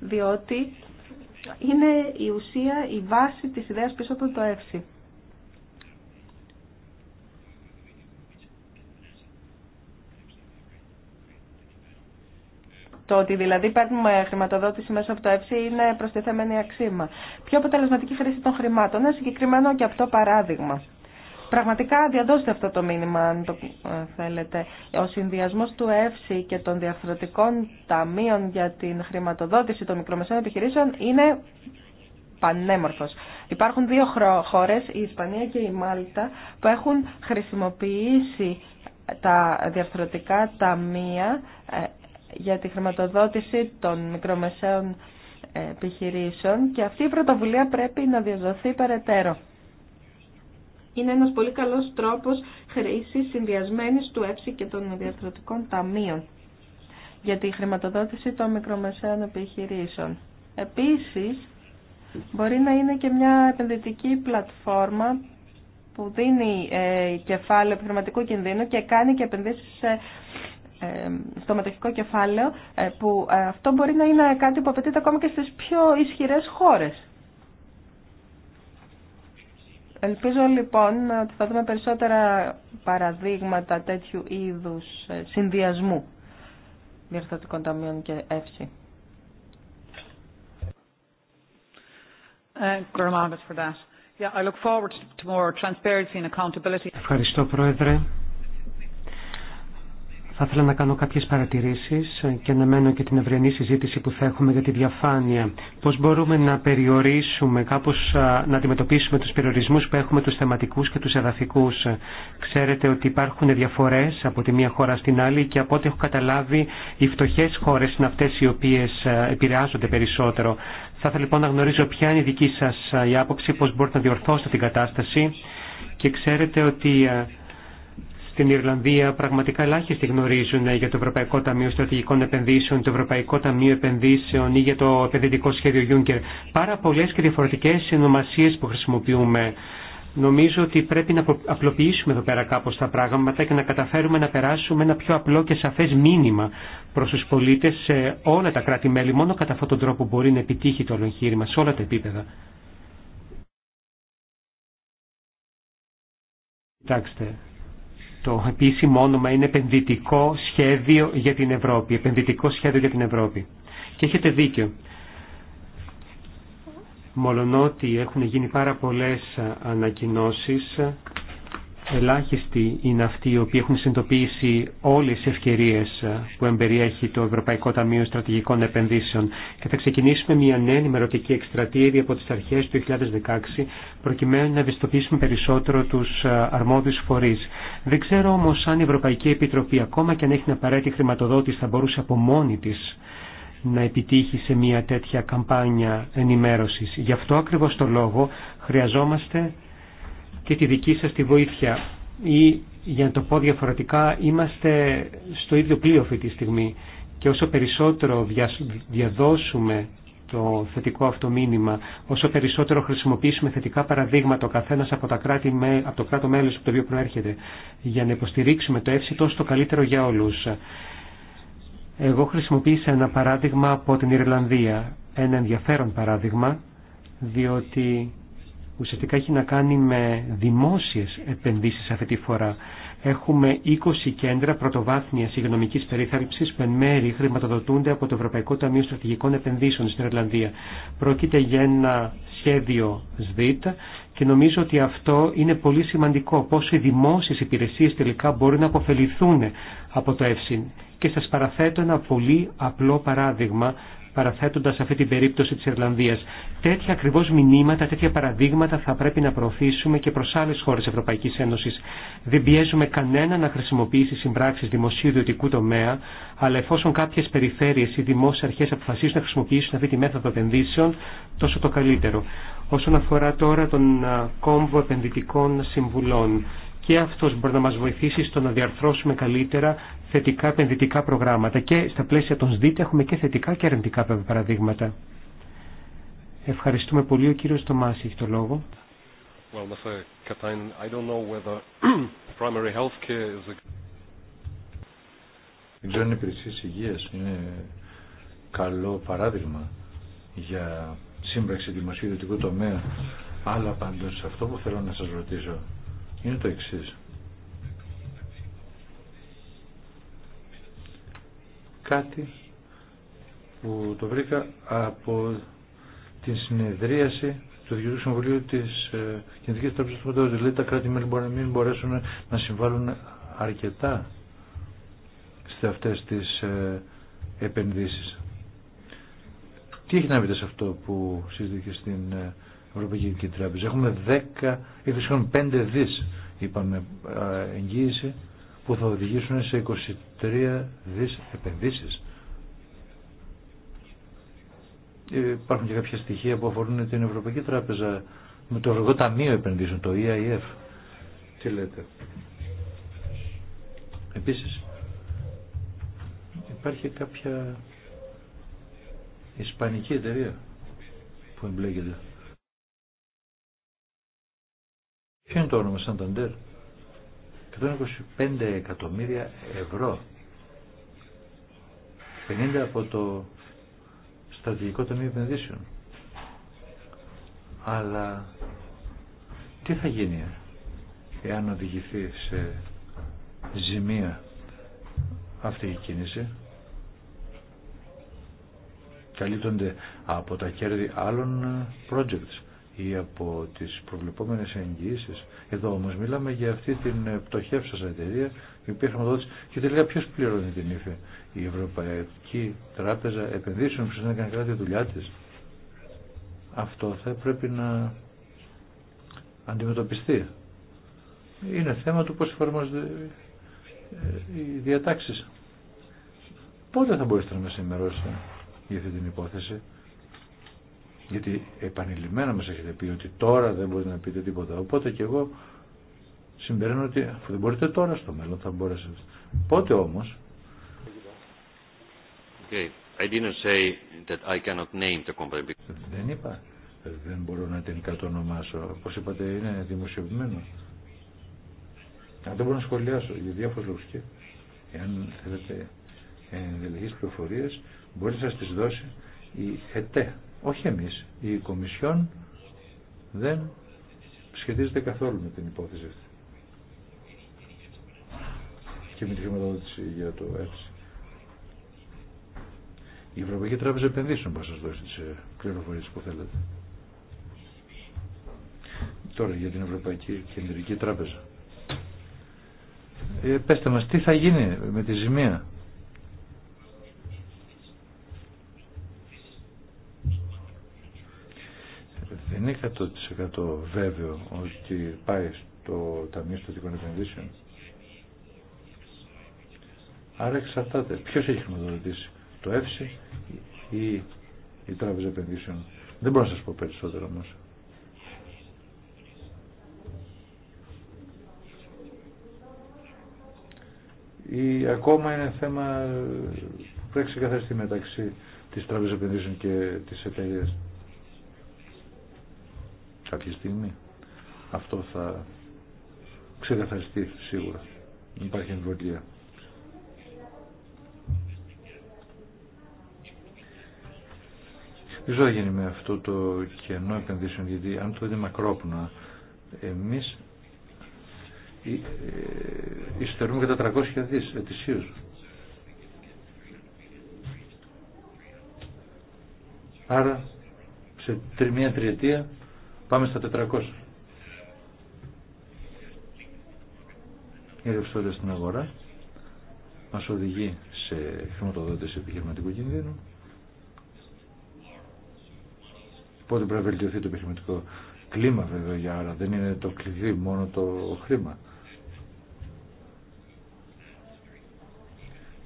διότι είναι η ουσία, η βάση της ιδέας πίσω από το ΕΦΣΥ. Το ότι δηλαδή παίρνουμε χρηματοδότηση μέσα από το ΕΦΣΥ είναι προστιθέμενη αξίμα. Πιο αποτελεσματική χρήση των χρημάτων. είναι συγκεκριμένο και αυτό παράδειγμα. Πραγματικά διαδώστε αυτό το μήνυμα, αν το ε, θέλετε. Ο συνδυασμός του ΕΦΣΥ και των διαφορετικών ταμείων για την χρηματοδότηση των μικρομεσαίων επιχειρήσεων είναι πανέμορφος. Υπάρχουν δύο χώρες, η Ισπανία και η Μάλτα, που έχουν χρησιμοποιήσει τα διαφορετικά ταμεία ε, για τη χρηματοδότηση των μικρομεσαίων ε, επιχειρήσεων και αυτή η πρωτοβουλία πρέπει να διαδοθεί περαιτέρω είναι ένας πολύ καλός τρόπος χρήσης συνδυασμένης του ΕΨΙ και των διατροτικών ταμείων για τη χρηματοδότηση των μικρομεσαίων επιχειρήσεων. Επίσης, μπορεί να είναι και μια επενδυτική πλατφόρμα που δίνει ε, κεφάλαιο επιχειρηματικού κινδύνου και κάνει και επενδύσεις σε ε, στο μετοχικό κεφάλαιο ε, που αυτό μπορεί να είναι κάτι που απαιτείται ακόμα και στις πιο ισχυρές χώρες. Ελπίζω λοιπόν ότι θα δούμε περισσότερα παραδείγματα τέτοιου είδους ε, συνδυασμού διορθωτικών ταμείων και εύση. Ε, Ευχαριστώ Πρόεδρε. Θα ήθελα να κάνω κάποιες παρατηρήσεις και να μένω και την ευριανή συζήτηση που θα έχουμε για τη διαφάνεια. Πώς μπορούμε να περιορίσουμε, κάπως να αντιμετωπίσουμε τους περιορισμούς που έχουμε τους θεματικούς και τους εδαφικούς. Ξέρετε ότι υπάρχουν διαφορές από τη μία χώρα στην άλλη και από ό,τι έχω καταλάβει οι φτωχές χώρες είναι αυτές οι οποίες επηρεάζονται περισσότερο. Θα ήθελα λοιπόν να γνωρίζω ποια είναι η δική σας η άποψη, πώς μπορείτε να διορθώσετε την κατάσταση και ξέρετε ότι στην Ιρλανδία πραγματικά ελάχιστοι γνωρίζουν για το Ευρωπαϊκό Ταμείο Στρατηγικών Επενδύσεων, το Ευρωπαϊκό Ταμείο Επενδύσεων ή για το επενδυτικό σχέδιο Juncker. Πάρα πολλές και διαφορετικέ συνομασίες που χρησιμοποιούμε. Νομίζω ότι πρέπει να απλοποιήσουμε εδώ πέρα κάπως τα πράγματα και να καταφέρουμε να περάσουμε ένα πιο απλό και σαφές μήνυμα προς τους πολίτες σε όλα τα κράτη-μέλη. Μόνο κατά αυτόν τον τρόπο μπορεί να επιτύχει το εγχείρημα σε όλα τα επίπεδα. Κοιτάξτε, το επίσημο όνομα είναι επενδυτικό σχέδιο για την Ευρώπη. Επενδυτικό σχέδιο για την Ευρώπη. Και έχετε δίκιο. Μολονότι έχουν γίνει πάρα πολλές ανακοινώσεις Ελάχιστοι είναι αυτοί οι οποίοι έχουν συνειδητοποιήσει όλες τις ευκαιρίες ε, που εμπεριέχει το Ευρωπαϊκό Ταμείο Στρατηγικών Επενδύσεων και θα ξεκινήσουμε μια νέα ενημερωτική εκστρατεία ήδη από τις αρχές του 2016 προκειμένου να ευαισθητοποιήσουμε περισσότερο τους ε, αρμόδιους φορείς. Δεν ξέρω όμως αν η Ευρωπαϊκή Επιτροπή ακόμα και αν έχει την απαραίτητη χρηματοδότηση θα μπορούσε από μόνη τη να επιτύχει σε μια τέτοια καμπάνια ενημέρωσης. Γι' αυτό ακριβώς το λόγο χρειαζόμαστε και τη δική σας τη βοήθεια. Ή, για να το πω διαφορετικά, είμαστε στο ίδιο πλοίο αυτή τη στιγμή. Και όσο περισσότερο διαδώσουμε το θετικό αυτό μήνυμα, όσο περισσότερο χρησιμοποιήσουμε θετικά παραδείγματα ο καθένα από, τα κράτη, από το κράτο μέλο από το οποίο προέρχεται, για να υποστηρίξουμε το εύση τόσο το καλύτερο για όλου. Εγώ χρησιμοποίησα ένα παράδειγμα από την Ιρλανδία. Ένα ενδιαφέρον παράδειγμα, διότι ουσιαστικά έχει να κάνει με δημόσιες επενδύσεις αυτή τη φορά. Έχουμε 20 κέντρα πρωτοβάθμιας υγειονομικής περίθαλψης που εν μέρη χρηματοδοτούνται από το Ευρωπαϊκό Ταμείο Στρατηγικών Επενδύσεων στην Ιρλανδία. Πρόκειται για ένα σχέδιο ΣΔΙΤ και νομίζω ότι αυτό είναι πολύ σημαντικό πώς οι δημόσιες υπηρεσίες τελικά μπορούν να αποφεληθούν από το ΕΦΣΙΝ. Και σας παραθέτω ένα πολύ απλό παράδειγμα Παραθέτοντα αυτή την περίπτωση τη Ιρλανδία. Τέτοια ακριβώ μηνύματα, τέτοια παραδείγματα θα πρέπει να προωθήσουμε και προ άλλε χώρε Ευρωπαϊκή Ένωση. Δεν πιέζουμε κανένα να χρησιμοποιήσει συμπράξει δημοσίου ιδιωτικού τομέα, αλλά εφόσον κάποιε περιφέρειες ή δημόσιες αρχέ αποφασίσουν να χρησιμοποιήσουν αυτή τη μέθοδο επενδύσεων, τόσο το καλύτερο. Όσον αφορά τώρα τον κόμβο επενδυτικών συμβουλών, και αυτός μπορεί να μα βοηθήσει στο να διαρθρώσουμε καλύτερα θετικά επενδυτικά προγράμματα και στα πλαίσια των ΣΔΙΤ έχουμε και θετικά και αρνητικά παραδείγματα. Ευχαριστούμε πολύ. Ο κύριος Τωμάς έχει το λόγο. Well, I Δεν ξέρω αν οι υπηρεσίε υγείας είναι καλό παράδειγμα για σύμπραξη δημοσίου ιδιωτικού τομέα, αλλά σε αυτό που θέλω να σας ρωτήσω είναι το εξής. κάτι που το βρήκα από την συνεδρίαση του Διοικητικού Συμβουλίου τη ε, Κεντρική Τράπεζα του Μοντέλου. Δηλαδή τα κράτη-μέλη μπορεί να μην μπορέσουν να συμβάλλουν αρκετά σε αυτέ τι ε, επενδύσει. Τι έχει να πείτε σε αυτό που συζητήθηκε στην ε, Ευρωπαϊκή Κεντρική Τράπεζα. Έχουμε 10, πέντε δι, είπαμε, ε, εγγύηση που θα οδηγήσουν σε 23 δις επενδύσεις. Υπάρχουν και κάποια στοιχεία που αφορούν την Ευρωπαϊκή Τράπεζα με το Ευρωπαϊκό Ταμείο Επενδύσεων, το EIF. Τι λέτε. Επίσης, υπάρχει κάποια ισπανική εταιρεία που εμπλέκεται. Ποιο είναι το όνομα Σανταντέρ. 125 εκατομμύρια ευρώ 50 από το στρατηγικό ταμείο επενδύσεων αλλά τι θα γίνει εάν οδηγηθεί σε ζημία αυτή η κίνηση καλύπτονται από τα κέρδη άλλων projects ή από τις προβλεπόμενες εγγυήσεις. Εδώ όμως μιλάμε για αυτή την πτωχεύσα εταιρεία η οποία χρηματοδότησε και τελικά ποιος πληρώνει την ύφη. Η Ευρωπαϊκή Τράπεζα Επενδύσεων που συνέκανε καλά τη δουλειά της. Αυτό θα πρέπει να αντιμετωπιστεί. Είναι θέμα του πώς εφαρμόζονται ε, οι διατάξεις. Πότε θα μπορέσετε να με ενημερώσετε για αυτή την υπόθεση. Γιατί επανειλημμένα μας έχετε πει ότι τώρα δεν μπορείτε να πείτε τίποτα. Οπότε και εγώ συμπεραίνω ότι αφού δεν μπορείτε τώρα στο μέλλον θα μπορέσετε. Πότε όμως... I didn't say that I cannot name the Δεν είπα. Δεν μπορώ να την κατονομάσω. Όπω είπατε είναι δημοσιοποιημένο. Αν δεν μπορώ να σχολιάσω για διάφορους λόγους. και εάν θέλετε ενδελεχεί πληροφορίε μπορείτε να σα τις δώσει η ΕΤΕ. Όχι εμείς. Η Κομισιόν δεν σχετίζεται καθόλου με την υπόθεση αυτή. Και με τη χρηματοδότηση για το έτσι. Η Ευρωπαϊκή Τράπεζα Επενδύσεων μπορεί σας δώσει τις ε, πληροφορίες που θέλετε. Τώρα για την Ευρωπαϊκή Κεντρική Τράπεζα. Ε, πέστε μας τι θα γίνει με τη ζημία είναι 100% βέβαιο ότι πάει στο Ταμείο Στατικών Επενδύσεων. Άρα εξαρτάται. Ποιο έχει χρηματοδοτήσει, το ΕΦΣΙ ή η Τράπεζα Επενδύσεων. Δεν μπορώ να σα πω περισσότερο όμω. Ή ακόμα είναι θέμα που πρέπει να ξεκαθαριστεί μεταξύ της Τράπεζα Επενδύσεων και της εταιρείας κάποια στιγμή. Αυτό θα ξεκαθαριστεί σίγουρα. Δεν υπάρχει εμβολία. Δεν ξέρω γίνει με αυτό το κενό επενδύσεων, γιατί αν το δείτε μακρόπνοα, εμείς ε, ειστερούμε κατά 300 δις ετησίως. Άρα, σε μια τριετία Πάμε στα 400. Η ρευστότητα στην αγορά μας οδηγεί σε χρηματοδότηση επιχειρηματικού κινδύνου. Πότε πρέπει να βελτιωθεί το επιχειρηματικό κλίμα βέβαια για άρα δεν είναι το κλειδί μόνο το χρήμα.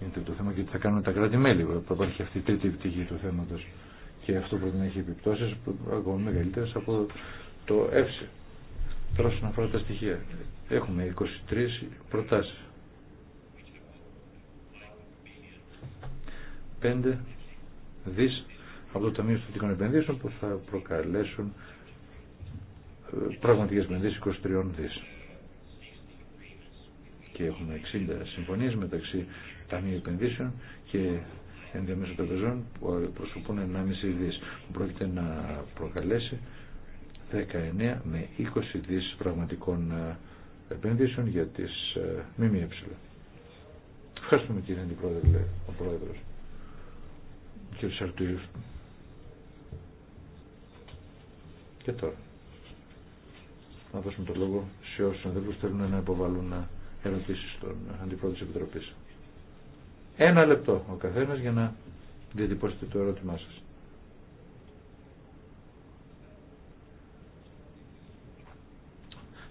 Είναι το θέμα και τι θα κάνουν τα κράτη-μέλη. Υπάρχει αυτή η τρίτη πτυχή του θέματος και αυτό πρέπει να έχει επιπτώσεις ακόμα μεγαλύτερες από το ΕΦΣΕ. Τώρα όσον αφορά τα στοιχεία. Έχουμε 23 προτάσεις. 5 δις από το Ταμείο Στατικών Επενδύσεων που θα προκαλέσουν ε, πραγματικές επενδύσεις 23 δις. Και έχουμε 60 συμφωνίες μεταξύ Ταμείου Επενδύσεων και των τραπεζών που προσωπούν 1,5 δις που πρόκειται να προκαλέσει 19 με 20 δις πραγματικών ε, επενδύσεων για τις ε, ΜΜΕ. Ευχαριστούμε κύριε Αντιπρόεδρε, ο Πρόεδρος. Κύριε Σαρτουίου. Και τώρα. Να δώσουμε το λόγο σε όσους αδέλφους θέλουν να υποβάλουν ερωτήσεις στον Αντιπρόεδρο της Επιτροπής. Ένα λεπτό ο καθένα για να διατυπώσετε το ερώτημά σα.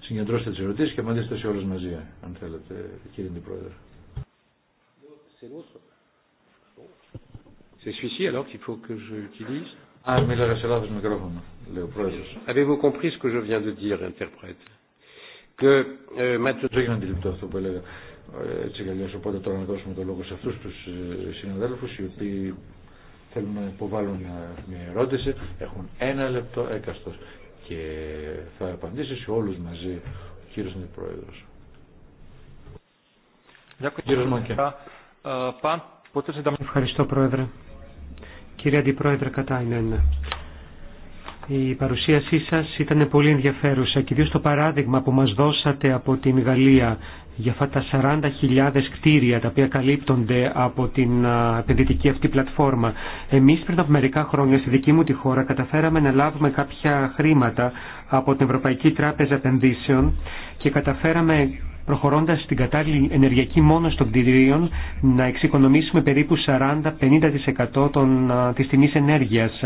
Συγκεντρώστε τι ερωτήσει και απαντήστε σε όλες μαζί, αν θέλετε, κύριε την Πρόεδρε. C'est celui-ci alors qu'il faut que j'utilise Ah, mais là, c'est là, je me microphone, le Πρόεδρε. Avez-vous compris ce que je viens de dire, interprète Que euh, maintenant. Je je viens de dire έτσι κι αλλιώς οπότε τώρα να δώσουμε το λόγο σε αυτούς τους ε, συναδέλφους οι οποίοι θέλουν να υποβάλουν μια ερώτηση έχουν ένα λεπτό έκαστος και θα απαντήσει σε όλους μαζί ο κύριος Αντιπρόεδρος. Ε, Ευχαριστώ Πρόεδρε. Κύριε Αντιπρόεδρε Κατάινεν, η παρουσίασή σας ήταν πολύ ενδιαφέρουσα και ιδίως το παράδειγμα που μας δώσατε από την Γαλλία για αυτά τα 40.000 κτίρια τα οποία καλύπτονται από την επενδυτική αυτή πλατφόρμα. Εμείς πριν από μερικά χρόνια στη δική μου τη χώρα καταφέραμε να λάβουμε κάποια χρήματα από την Ευρωπαϊκή Τράπεζα Επενδύσεων και καταφέραμε προχωρώντας στην κατάλληλη ενεργειακή μόνο των κτηρίων να εξοικονομήσουμε περίπου 40-50% της τιμής ενέργειας.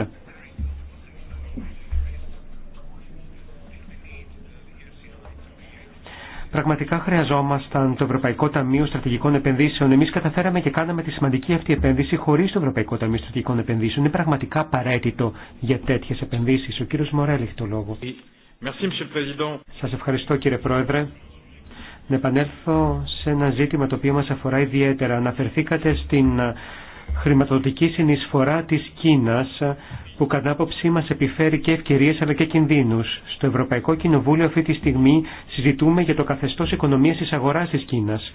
Πραγματικά χρειαζόμασταν το Ευρωπαϊκό Ταμείο Στρατηγικών Επενδύσεων. Εμεί καταφέραμε και κάναμε τη σημαντική αυτή επένδυση χωρί το Ευρωπαϊκό Ταμείο Στρατηγικών Επενδύσεων. Είναι πραγματικά απαραίτητο για τέτοιε επενδύσει. Ο κύριο Μορέλη έχει το λόγο. Σα ευχαριστώ κύριε Πρόεδρε. Να επανέλθω σε ένα ζήτημα το οποίο μα αφορά ιδιαίτερα. Αναφερθήκατε στην χρηματοδοτική συνεισφορά της Κίνας που κατά άποψή μας επιφέρει και ευκαιρίες αλλά και κινδύνους. Στο Ευρωπαϊκό Κοινοβούλιο αυτή τη στιγμή συζητούμε για το καθεστώς οικονομίας της αγοράς της Κίνας.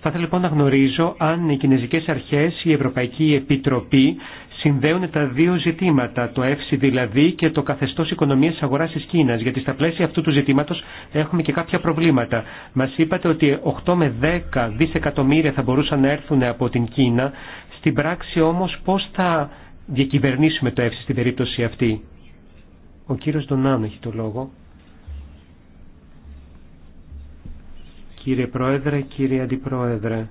Θα ήθελα λοιπόν να γνωρίζω αν οι Κινέζικες Αρχές, η Ευρωπαϊκή Επιτροπή συνδέουν τα δύο ζητήματα, το ΕΦΣΙ δηλαδή και το καθεστώ οικονομία τη αγορά τη Κίνα. Γιατί στα πλαίσια αυτού του ζητήματο έχουμε και κάποια προβλήματα. Μα είπατε ότι 8 με 10 δισεκατομμύρια θα μπορούσαν να έρθουν από την Κίνα. Στην πράξη όμω πώ θα διακυβερνήσουμε το ΕΦΣΙ στην περίπτωση αυτή. Ο κύριος Ντονάνο έχει το λόγο. Κύριε Πρόεδρε, κύριε Αντιπρόεδρε,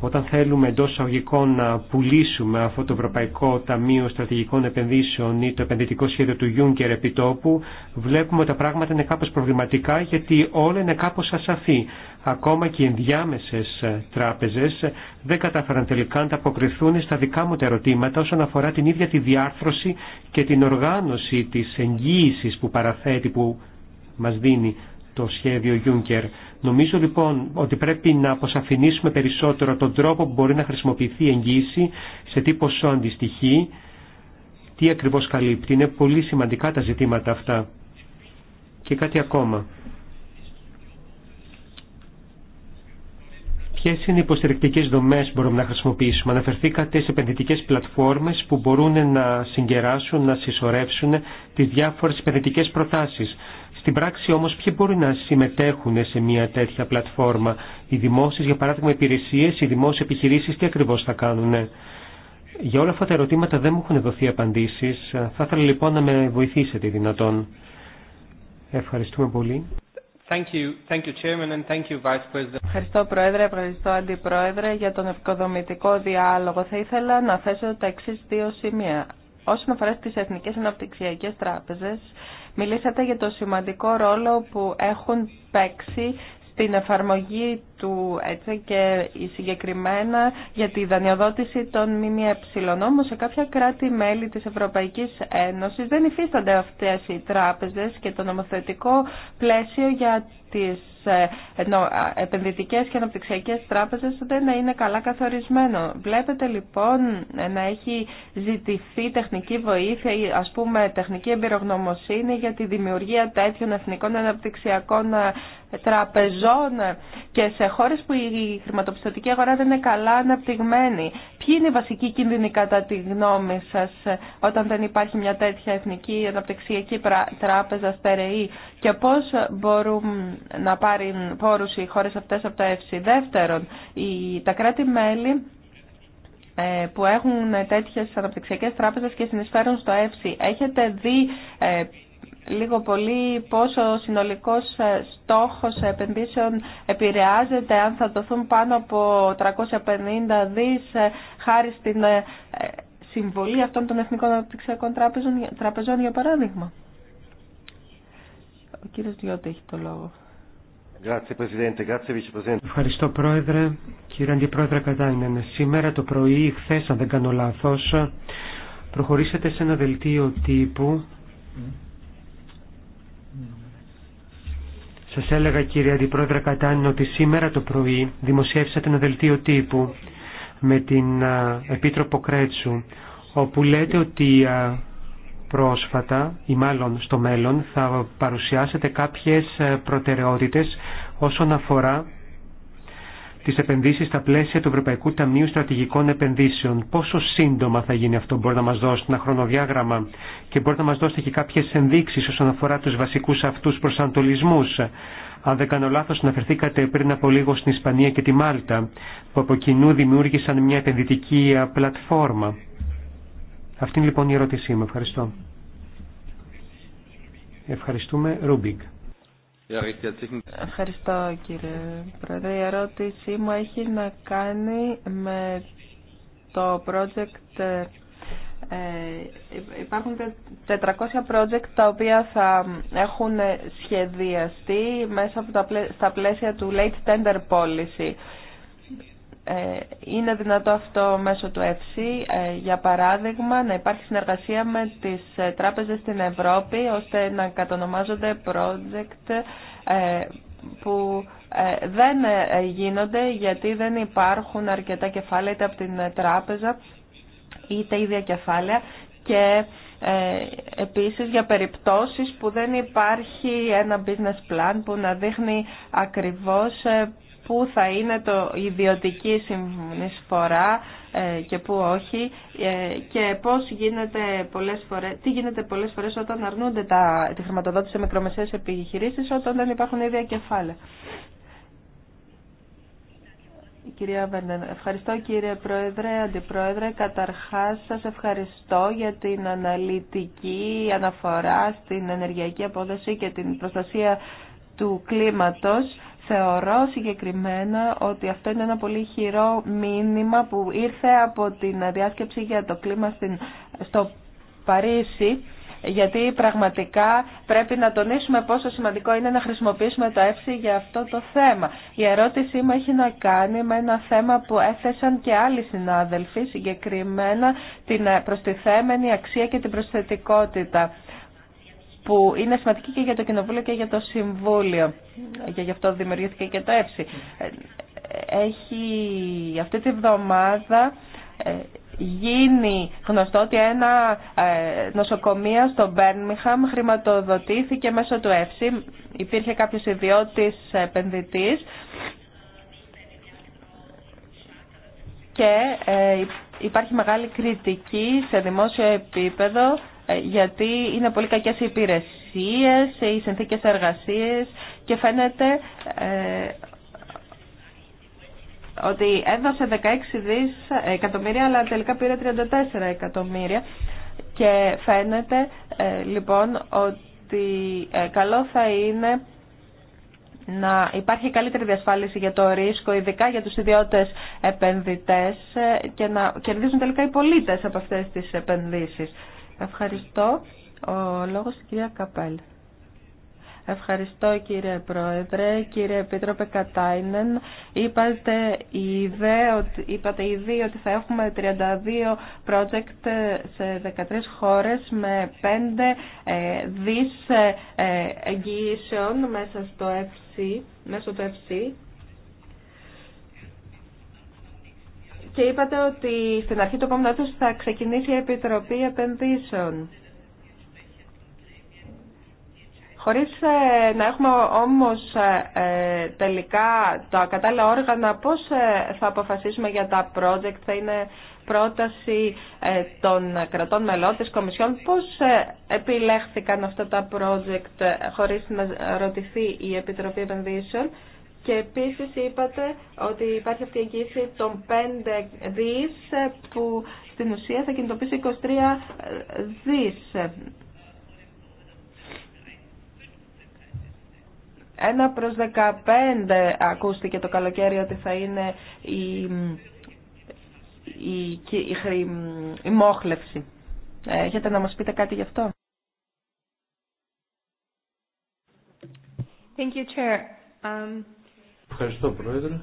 όταν θέλουμε εντό αγωγικών να πουλήσουμε αυτό το Ευρωπαϊκό Ταμείο Στρατηγικών Επενδύσεων ή το επενδυτικό σχέδιο του Juncker επιτόπου, βλέπουμε ότι τα πράγματα είναι κάπως προβληματικά γιατί όλα είναι κάπως ασαφή ακόμα και οι ενδιάμεσες ε, τράπεζες ε, δεν κατάφεραν τελικά να αποκριθούν στα δικά μου τα ερωτήματα όσον αφορά την ίδια τη διάρθρωση και την οργάνωση της εγγύησης που παραθέτει, που μας δίνει το σχέδιο Juncker. Νομίζω λοιπόν ότι πρέπει να αποσαφηνίσουμε περισσότερο τον τρόπο που μπορεί να χρησιμοποιηθεί η εγγύηση, σε τι ποσό αντιστοιχεί, τι ακριβώς καλύπτει. Είναι πολύ σημαντικά τα ζητήματα αυτά. Και κάτι ακόμα. Ποιε είναι οι υποστηρικτικέ δομέ που μπορούμε να χρησιμοποιήσουμε. Αναφερθήκατε σε επενδυτικέ πλατφόρμε που μπορούν να συγκεράσουν, να συσσωρεύσουν τι διάφορε επενδυτικέ προτάσει. Στην πράξη όμω, ποιοι μπορεί να συμμετέχουν σε μια τέτοια πλατφόρμα. Οι δημόσιε, για παράδειγμα, υπηρεσίε, οι δημόσιε επιχειρήσει, τι ακριβώ θα κάνουν. Για όλα αυτά τα ερωτήματα δεν μου έχουν δοθεί απαντήσει. Θα ήθελα λοιπόν να με βοηθήσετε δυνατόν. Ευχαριστούμε πολύ. Ευχαριστώ Πρόεδρε, ευχαριστώ Αντιπρόεδρε για τον ευκοδομητικό διάλογο. Θα ήθελα να θέσω τα εξή δύο σημεία. Όσον αφορά στις Εθνικές Αναπτυξιακές Τράπεζες, μιλήσατε για το σημαντικό ρόλο που έχουν παίξει στην εφαρμογή του έτσι και συγκεκριμένα για τη δανειοδότηση των ΜΜΕ. όμω σε κάποια κράτη-μέλη της Ευρωπαϊκής Ένωσης δεν υφίστανται αυτές οι τράπεζες και το νομοθετικό πλαίσιο για τις ε, επενδυτικές και αναπτυξιακές τράπεζες δεν είναι καλά καθορισμένο. Βλέπετε λοιπόν να έχει ζητηθεί τεχνική βοήθεια ή ας πούμε τεχνική εμπειρογνωμοσύνη για τη δημιουργία τέτοιων εθνικών αναπτυξιακών ε, τραπεζών και σε χώρες που η χρηματοπιστωτική αγορά δεν είναι καλά αναπτυγμένη. Ποιοι είναι οι βασικοί κίνδυνοι κατά τη γνώμη σας όταν δεν υπάρχει μια τέτοια εθνική αναπτυξιακή τράπεζα στερεή και πώς μπορούν να πάρουν πόρους οι χώρες αυτές από τα ΕΦΣΥ. Δεύτερον, τα κράτη-μέλη ε, που έχουν τέτοιες αναπτυξιακές τράπεζες και συνεισφέρουν στο ΕΦΣΥ. Έχετε δει ε, λίγο πολύ πόσο ο συνολικός ε, στόχος επενδύσεων επηρεάζεται αν θα δοθούν πάνω από 350 δις ε, χάρη στην ε, συμβολή αυτών των Εθνικών Αναπτυξιακών τραπεζών, τραπεζών για παράδειγμα. Ο κύριος Διώτη έχει το λόγο. Ευχαριστώ Πρόεδρε. Κύριε Αντιπρόεδρε Κατάινεν, σήμερα το πρωί ή χθες αν δεν κάνω λάθος προχωρήσατε σε ένα δελτίο τύπου Σας έλεγα κύριε Αντιπρόεδρε Κατάνιν ότι σήμερα το πρωί δημοσιεύσατε ένα δελτίο τύπου με την Επίτροπο Κρέτσου όπου λέτε ότι πρόσφατα ή μάλλον στο μέλλον θα παρουσιάσετε κάποιες προτεραιότητες όσον αφορά τις επενδύσεις στα πλαίσια του Ευρωπαϊκού Ταμείου Στρατηγικών Επενδύσεων. Πόσο σύντομα θα γίνει αυτό, μπορεί να μας δώσει ένα χρονοδιάγραμμα και μπορεί να μας δώσει και κάποιες ενδείξεις όσον αφορά τους βασικούς αυτούς προσανατολισμούς. Αν δεν κάνω λάθος, αναφερθήκατε πριν από λίγο στην Ισπανία και τη Μάλτα, που από κοινού δημιούργησαν μια επενδυτική πλατφόρμα. Αυτή είναι λοιπόν η ερώτησή μου. Ευχαριστώ. Ευχαριστούμε. Ρούμπιγκ. Ευχαριστώ κύριε Πρόεδρε. Η ερώτησή μου έχει να κάνει με το project. Ε, υπάρχουν 400 project τα οποία θα έχουν σχεδιαστεί μέσα από τα στα πλαίσια του late tender policy. Ε, είναι δυνατό αυτό μέσω του ΕΦΣΥ, για παράδειγμα, να υπάρχει συνεργασία με τις ε, τράπεζες στην Ευρώπη, ώστε να κατονομάζονται project ε, που δεν γίνονται γιατί δεν υπάρχουν αρκετά κεφάλαια είτε από την τράπεζα είτε ίδια κεφάλαια και επίσης για περιπτώσεις που δεν υπάρχει ένα business plan που να δείχνει ακριβώς πού θα είναι το ιδιωτική συνεισφορά ε, και πού όχι ε, και πώς γίνεται πολλές φορές, τι γίνεται πολλές φορές όταν αρνούνται τα, τη χρηματοδότηση σε μικρομεσαίες επιχειρήσεις όταν δεν υπάρχουν ίδια κεφάλαια. Κυρία ευχαριστώ κύριε Πρόεδρε, Αντιπρόεδρε. Καταρχάς σας ευχαριστώ για την αναλυτική αναφορά στην ενεργειακή απόδοση και την προστασία του κλίματος. Θεωρώ συγκεκριμένα ότι αυτό είναι ένα πολύ χειρό μήνυμα που ήρθε από την διάσκεψη για το κλίμα στην, στο Παρίσι γιατί πραγματικά πρέπει να τονίσουμε πόσο σημαντικό είναι να χρησιμοποιήσουμε το ΕΦΣΙ για αυτό το θέμα. Η ερώτησή μου έχει να κάνει με ένα θέμα που έθεσαν και άλλοι συνάδελφοι, συγκεκριμένα την ε, προστιθέμενη αξία και την προσθετικότητα που είναι σημαντική και για το Κοινοβούλιο και για το Συμβούλιο. Και γι' αυτό δημιουργήθηκε και το ΕΨΙ. Έχει αυτή τη βδομάδα ε, γίνει γνωστό ότι ένα ε, νοσοκομείο στο Μπέρμιχαμ χρηματοδοτήθηκε μέσω του ΕΦΣΥ. Υπήρχε κάποιος ιδιώτης επενδυτής και ε, υπάρχει μεγάλη κριτική σε δημόσιο επίπεδο ε, γιατί είναι πολύ κακές οι υπηρεσίες, οι συνθήκες εργασίες και φαίνεται ε, ότι έδωσε 16 δις εκατομμύρια αλλά τελικά πήρε 34 εκατομμύρια και φαίνεται ε, λοιπόν ότι καλό θα είναι να υπάρχει καλύτερη διασφάλιση για το ρίσκο, ειδικά για τους ιδιώτες επενδυτές και να κερδίζουν τελικά οι πολίτες από αυτές τις επενδύσεις. Ευχαριστώ. Ο λόγος κυρία Καπέλ. Ευχαριστώ κύριε Πρόεδρε, κύριε Επίτροπε Κατάινεν. Είπατε ήδη ότι, είπατε ήδη ότι θα έχουμε 32 project σε 13 χώρες με 5 ε, δις ε, ε, εγγυήσεων μέσα στο FC, μέσω του FC και είπατε ότι στην αρχή του επόμενου έτους θα ξεκινήσει η Επιτροπή Επενδύσεων. Χωρίς ε, να έχουμε όμως ε, ε, τελικά τα κατάλληλα όργανα, πώς θα αποφασίσουμε για τα project, θα είναι πρόταση των κρατών μελών της Κομισιόν, πώς επιλέχθηκαν αυτά τα project χωρίς να ρωτηθεί η Επιτροπή Επενδύσεων. Και επίση είπατε ότι υπάρχει αυτή η εγγύηση των 5 δι που στην ουσία θα κινητοποιήσει 23 δι. Ένα προς 15 ακούστηκε το καλοκαίρι ότι θα είναι η, η, η, η μόχλευση. Έχετε να μας πείτε κάτι γι' αυτό. Thank you, Chair. Um... Ευχαριστώ Πρόεδρε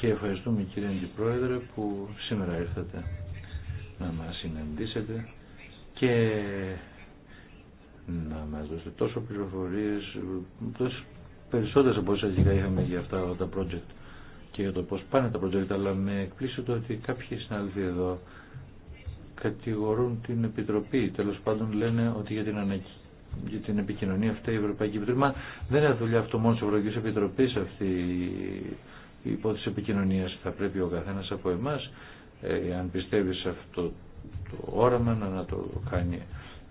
και ευχαριστούμε κύριε Αντιπρόεδρε που σήμερα ήρθατε να μας συναντήσετε και να μας δώσετε τόσο πληροφορίες, τόσο περισσότερες από όσες αρχικά είχαμε για αυτά τα project και για το πώς πάνε τα project, αλλά με εκπλήσει το ότι κάποιοι συνάδελφοι εδώ κατηγορούν την Επιτροπή. Τέλος πάντων λένε ότι για την ανακοίνωση για την επικοινωνία αυτή η Ευρωπαϊκή Επιτροπή. Μα δεν είναι δουλειά αυτό μόνο τη Ευρωπαϊκή Επιτροπή αυτή η υπόθεση επικοινωνία. Θα πρέπει ο καθένα από εμά, ε, αν πιστεύει σε αυτό το όραμα, να, να το κάνει,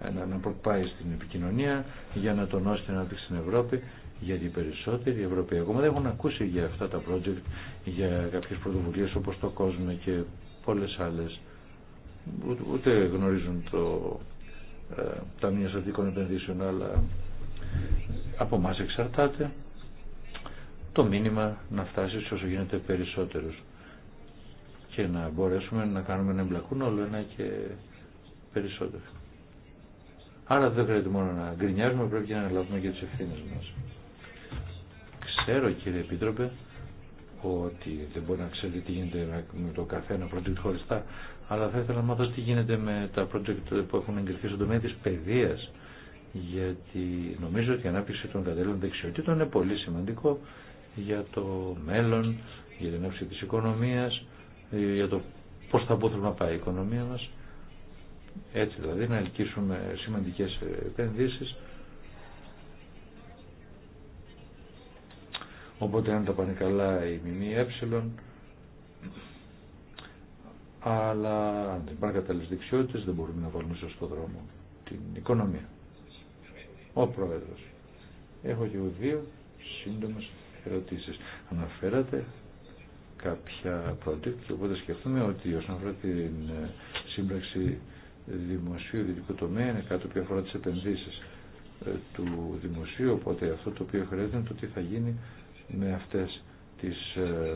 ε, να, να προπάει στην επικοινωνία για να τονώσει την ανάπτυξη στην Ευρώπη. Γιατί οι περισσότεροι οι Ευρωπαίοι ακόμα δεν έχουν ακούσει για αυτά τα project, για κάποιε πρωτοβουλίε όπω το κόσμο και πολλέ άλλε. Ούτε γνωρίζουν το ε, ταμεία στρατικών επενδύσεων, αλλά από εμά εξαρτάται το μήνυμα να φτάσει σε όσο γίνεται περισσότερους και να μπορέσουμε να κάνουμε να εμπλακούν όλο ένα και περισσότερο. Άρα δεν πρέπει μόνο να γκρινιάζουμε, πρέπει και να λάβουμε και τις ευθύνες μας. Ξέρω κύριε Επίτροπε ότι δεν μπορεί να ξέρει τι γίνεται με το καθένα project χωριστά, αλλά θα ήθελα να μάθω τι γίνεται με τα project που έχουν εγκριθεί στον τομέα της παιδείας, γιατί νομίζω ότι η ανάπτυξη των κατάλληλων δεξιοτήτων είναι πολύ σημαντικό για το μέλλον, για την ανάπτυξη της οικονομίας, για το πώς θα μπορούμε να πάει η οικονομία μας. Έτσι δηλαδή να ελκύσουμε σημαντικές επενδύσεις Οπότε αν τα πάνε καλά η ε αλλά αν δεν υπάρχουν κατάλληλες δεξιότητε, δεν μπορούμε να βάλουμε σωστό δρόμο την οικονομία. Ο Πρόεδρο. Έχω και δύο σύντομε ερωτήσει. Αναφέρατε κάποια project, οπότε σκεφτούμε ότι όσον αφορά την ε, σύμπραξη δημοσίου ιδιωτικού τομέα είναι κάτι που αφορά τι επενδύσει ε, του δημοσίου, οπότε αυτό το οποίο χρειάζεται είναι το τι θα γίνει με αυτές τις ε,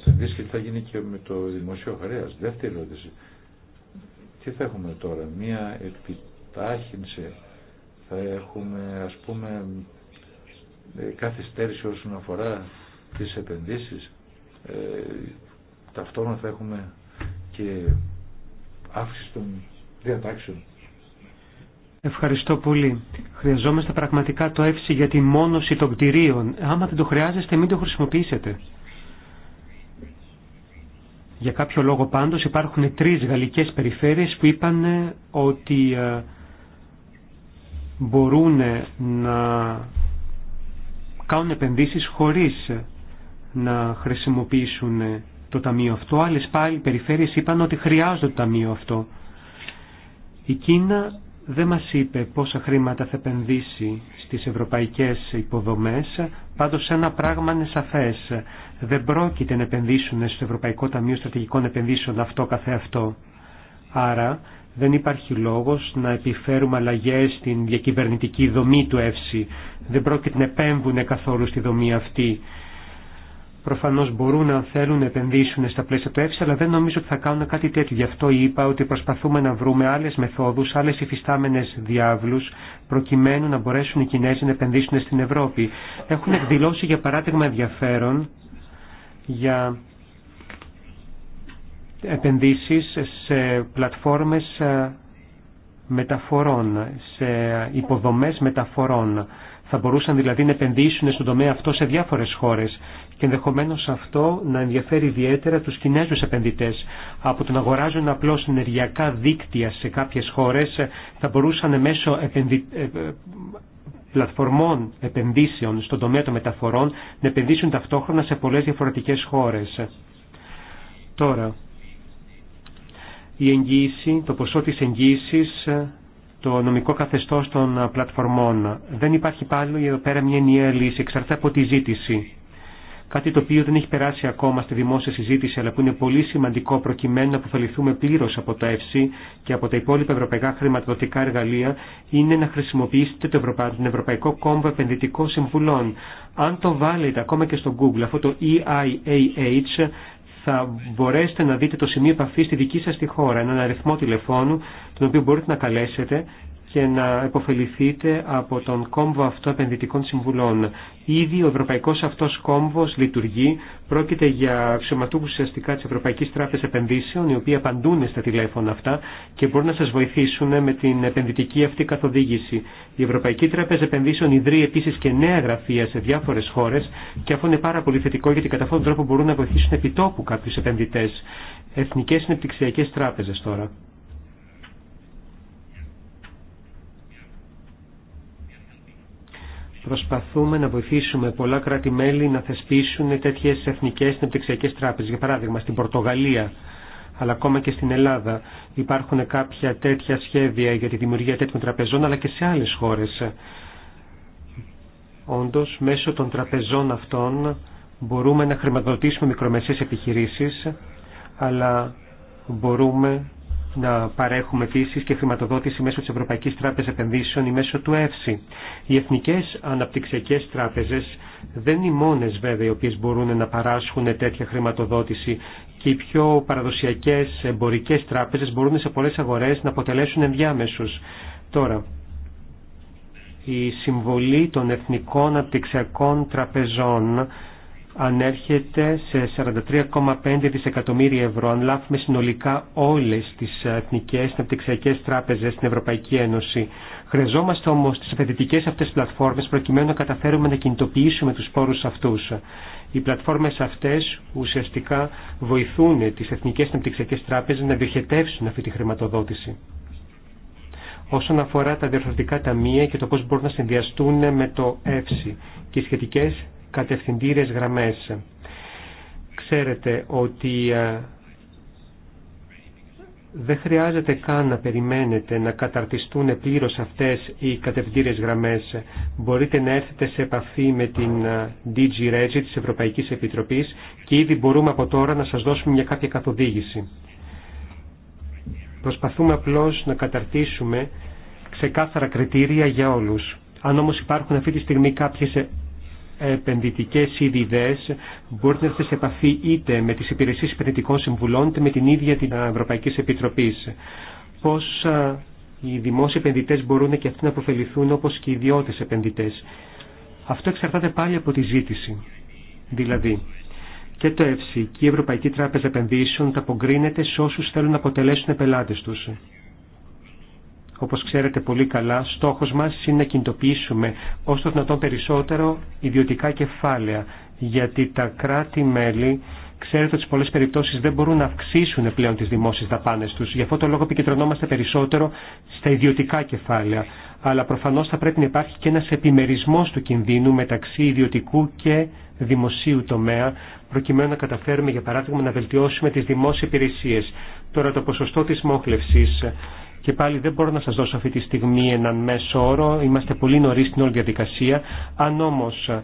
επενδύσεις και τι θα γίνει και με το δημοσίο χρέας. Δεύτερη ερώτηση. Τι θα έχουμε τώρα, μία επιτάχυνση, θα έχουμε ας πούμε ε, καθυστέρηση όσον αφορά τις επενδύσεις, ε, ταυτόχρονα θα έχουμε και αύξηση των διατάξεων Ευχαριστώ πολύ. Χρειαζόμαστε πραγματικά το εύση για τη μόνωση των κτηρίων. Άμα δεν το χρειάζεστε μην το χρησιμοποιήσετε. Για κάποιο λόγο πάντως υπάρχουν τρεις γαλλικές περιφέρειες που είπαν ε, ότι ε, μπορούν ε, να κάνουν επενδύσεις χωρίς να χρησιμοποιήσουν το ταμείο αυτό. Άλλες πάλι περιφέρειες είπαν ότι χρειάζονται το ταμείο αυτό. Η Κίνα δεν μας είπε πόσα χρήματα θα επενδύσει στις ευρωπαϊκές υποδομές, πάντως ένα πράγμα είναι σαφές. Δεν πρόκειται να επενδύσουν στο Ευρωπαϊκό Ταμείο Στρατηγικών Επενδύσεων αυτό καθεαυτό. Άρα δεν υπάρχει λόγος να επιφέρουμε αλλαγές στην διακυβερνητική δομή του ΕΦΣΥ. Δεν πρόκειται να επέμβουν καθόλου στη δομή αυτή προφανώς μπορούν να θέλουν να επενδύσουν στα πλαίσια του ΕΦΣΑ, αλλά δεν νομίζω ότι θα κάνουν κάτι τέτοιο. Γι' αυτό είπα ότι προσπαθούμε να βρούμε άλλες μεθόδους, άλλες υφιστάμενε διάβλου προκειμένου να μπορέσουν οι Κινέζοι να επενδύσουν στην Ευρώπη. Έχουν εκδηλώσει για παράδειγμα ενδιαφέρον για επενδύσει σε πλατφόρμες ε, μεταφορών, σε υποδομέ μεταφορών. Θα μπορούσαν δηλαδή να επενδύσουν στον τομέα αυτό σε διάφορε χώρε και ενδεχομένω αυτό να ενδιαφέρει ιδιαίτερα του Κινέζου επενδυτέ. Από το να αγοράζουν απλώ ενεργειακά δίκτυα σε κάποιε χώρε, θα μπορούσαν μέσω επενδυ... Ε, ε, πλατφορμών επενδύσεων στον τομέα των μεταφορών να επενδύσουν ταυτόχρονα σε πολλέ διαφορετικέ χώρε. Τώρα, η εγγύηση, το ποσό της εγγύησης, το νομικό καθεστώς των πλατφορμών. Δεν υπάρχει πάλι εδώ πέρα μια ενιαία λύση, εξαρτάται από τη ζήτηση κάτι το οποίο δεν έχει περάσει ακόμα στη δημόσια συζήτηση, αλλά που είναι πολύ σημαντικό προκειμένου να αποφεληθούμε πλήρω από το ΕΦΣΥ και από τα υπόλοιπα ευρωπαϊκά χρηματοδοτικά εργαλεία, είναι να χρησιμοποιήσετε το Ευρωπαϊκό, Κόμβο Επενδυτικών Συμβουλών. Αν το βάλετε ακόμα και στο Google, αυτό το EIAH, θα μπορέσετε να δείτε το σημείο επαφή στη δική σας τη χώρα, έναν αριθμό τηλεφώνου, τον οποίο μπορείτε να καλέσετε και να επωφεληθείτε από τον κόμβο αυτό επενδυτικών συμβουλών. Ήδη ο Ευρωπαϊκό Αυτό Κόμβο λειτουργεί. Πρόκειται για αξιωματούχου ουσιαστικά τη Ευρωπαϊκή Τράπεζα Επενδύσεων, οι οποίοι απαντούν στα τηλέφωνα αυτά και μπορούν να σα βοηθήσουν με την επενδυτική αυτή καθοδήγηση. Η Ευρωπαϊκή Τράπεζα Επενδύσεων ιδρύει επίση και νέα γραφεία σε διάφορε χώρε και αυτό είναι πάρα πολύ θετικό γιατί κατά αυτόν τον τρόπο μπορούν να βοηθήσουν επιτόπου κάποιου επενδυτέ, εθνικέ τράπεζε τώρα. Προσπαθούμε να βοηθήσουμε πολλά κράτη-μέλη να θεσπίσουν τέτοιε εθνικέ συνεπτυξιακέ τράπεζε. Για παράδειγμα, στην Πορτογαλία, αλλά ακόμα και στην Ελλάδα υπάρχουν κάποια τέτοια σχέδια για τη δημιουργία τέτοιων τραπεζών, αλλά και σε άλλε χώρε. Όντω, μέσω των τραπεζών αυτών μπορούμε να χρηματοδοτήσουμε μικρομεσαίες επιχειρήσεις, αλλά μπορούμε να παρέχουμε επίση και χρηματοδότηση μέσω της Ευρωπαϊκής Τράπεζας Επενδύσεων ή μέσω του ΕΦΣΥ. Οι εθνικές αναπτυξιακές τράπεζες δεν είναι οι μόνες βέβαια οι οποίες μπορούν να παράσχουν τέτοια χρηματοδότηση και οι πιο παραδοσιακές εμπορικές τράπεζες μπορούν σε πολλές αγορές να αποτελέσουν ενδιάμεσους. Τώρα, η συμβολή των εθνικών αναπτυξιακών τραπεζών ανέρχεται σε 43,5 δισεκατομμύρια ευρώ αν λάβουμε συνολικά όλες τις εθνικές αναπτυξιακές τράπεζες στην Ευρωπαϊκή Ένωση. Χρειαζόμαστε όμως τις επενδυτικές αυτές πλατφόρμες προκειμένου να καταφέρουμε να κινητοποιήσουμε τους πόρους αυτούς. Οι πλατφόρμες αυτές ουσιαστικά βοηθούν τις εθνικές αναπτυξιακές τράπεζες να διοχετεύσουν αυτή τη χρηματοδότηση όσον αφορά τα διορθωτικά ταμεία και το πώς μπορούν να συνδυαστούν με το ΕΦΣΥ και οι σχετικές κατευθυντήρες γραμμές. Ξέρετε ότι ε, δεν χρειάζεται καν να περιμένετε να καταρτιστούν πλήρως αυτές οι κατευθυντήρες γραμμές. Μπορείτε να έρθετε σε επαφή με την ε, DG Regi της Ευρωπαϊκής Επιτροπής και ήδη μπορούμε από τώρα να σας δώσουμε μια κάποια καθοδήγηση. Προσπαθούμε απλώς να καταρτήσουμε ξεκάθαρα κριτήρια για όλους. Αν όμως υπάρχουν αυτή τη στιγμή κάποιες ε, επενδυτικέ ήδη ιδέε μπορείτε να έρθετε σε επαφή είτε με τι υπηρεσίε επενδυτικών συμβουλών είτε με την ίδια την Ευρωπαϊκή Επιτροπή. Πώ οι δημόσιοι επενδυτέ μπορούν και αυτοί να αποφεληθούν όπω και οι ιδιώτε επενδυτέ. Αυτό εξαρτάται πάλι από τη ζήτηση. Δηλαδή, και το ΕΦΣΥ και η Ευρωπαϊκή Τράπεζα Επενδύσεων τα απογκρίνεται σε όσου θέλουν να αποτελέσουν πελάτε του. Όπως ξέρετε πολύ καλά, στόχος μας είναι να κινητοποιήσουμε όσο το δυνατόν περισσότερο ιδιωτικά κεφάλαια, γιατί τα κράτη-μέλη Ξέρετε ότι σε πολλέ περιπτώσει δεν μπορούν να αυξήσουν πλέον τις δημόσιες δαπάνες τους. Γι' αυτό το λόγο επικεντρωνόμαστε περισσότερο στα ιδιωτικά κεφάλαια. Αλλά προφανώς θα πρέπει να υπάρχει και ένας επιμερισμός του κινδύνου μεταξύ ιδιωτικού και δημοσίου τομέα, προκειμένου να καταφέρουμε, για παράδειγμα, να βελτιώσουμε τι δημόσιε υπηρεσίε. Τώρα το ποσοστό τη μόχλευση. Και πάλι δεν μπορώ να σας δώσω αυτή τη στιγμή έναν μέσο όρο, είμαστε πολύ νωρίς στην όλη διαδικασία. Αν όμως ε,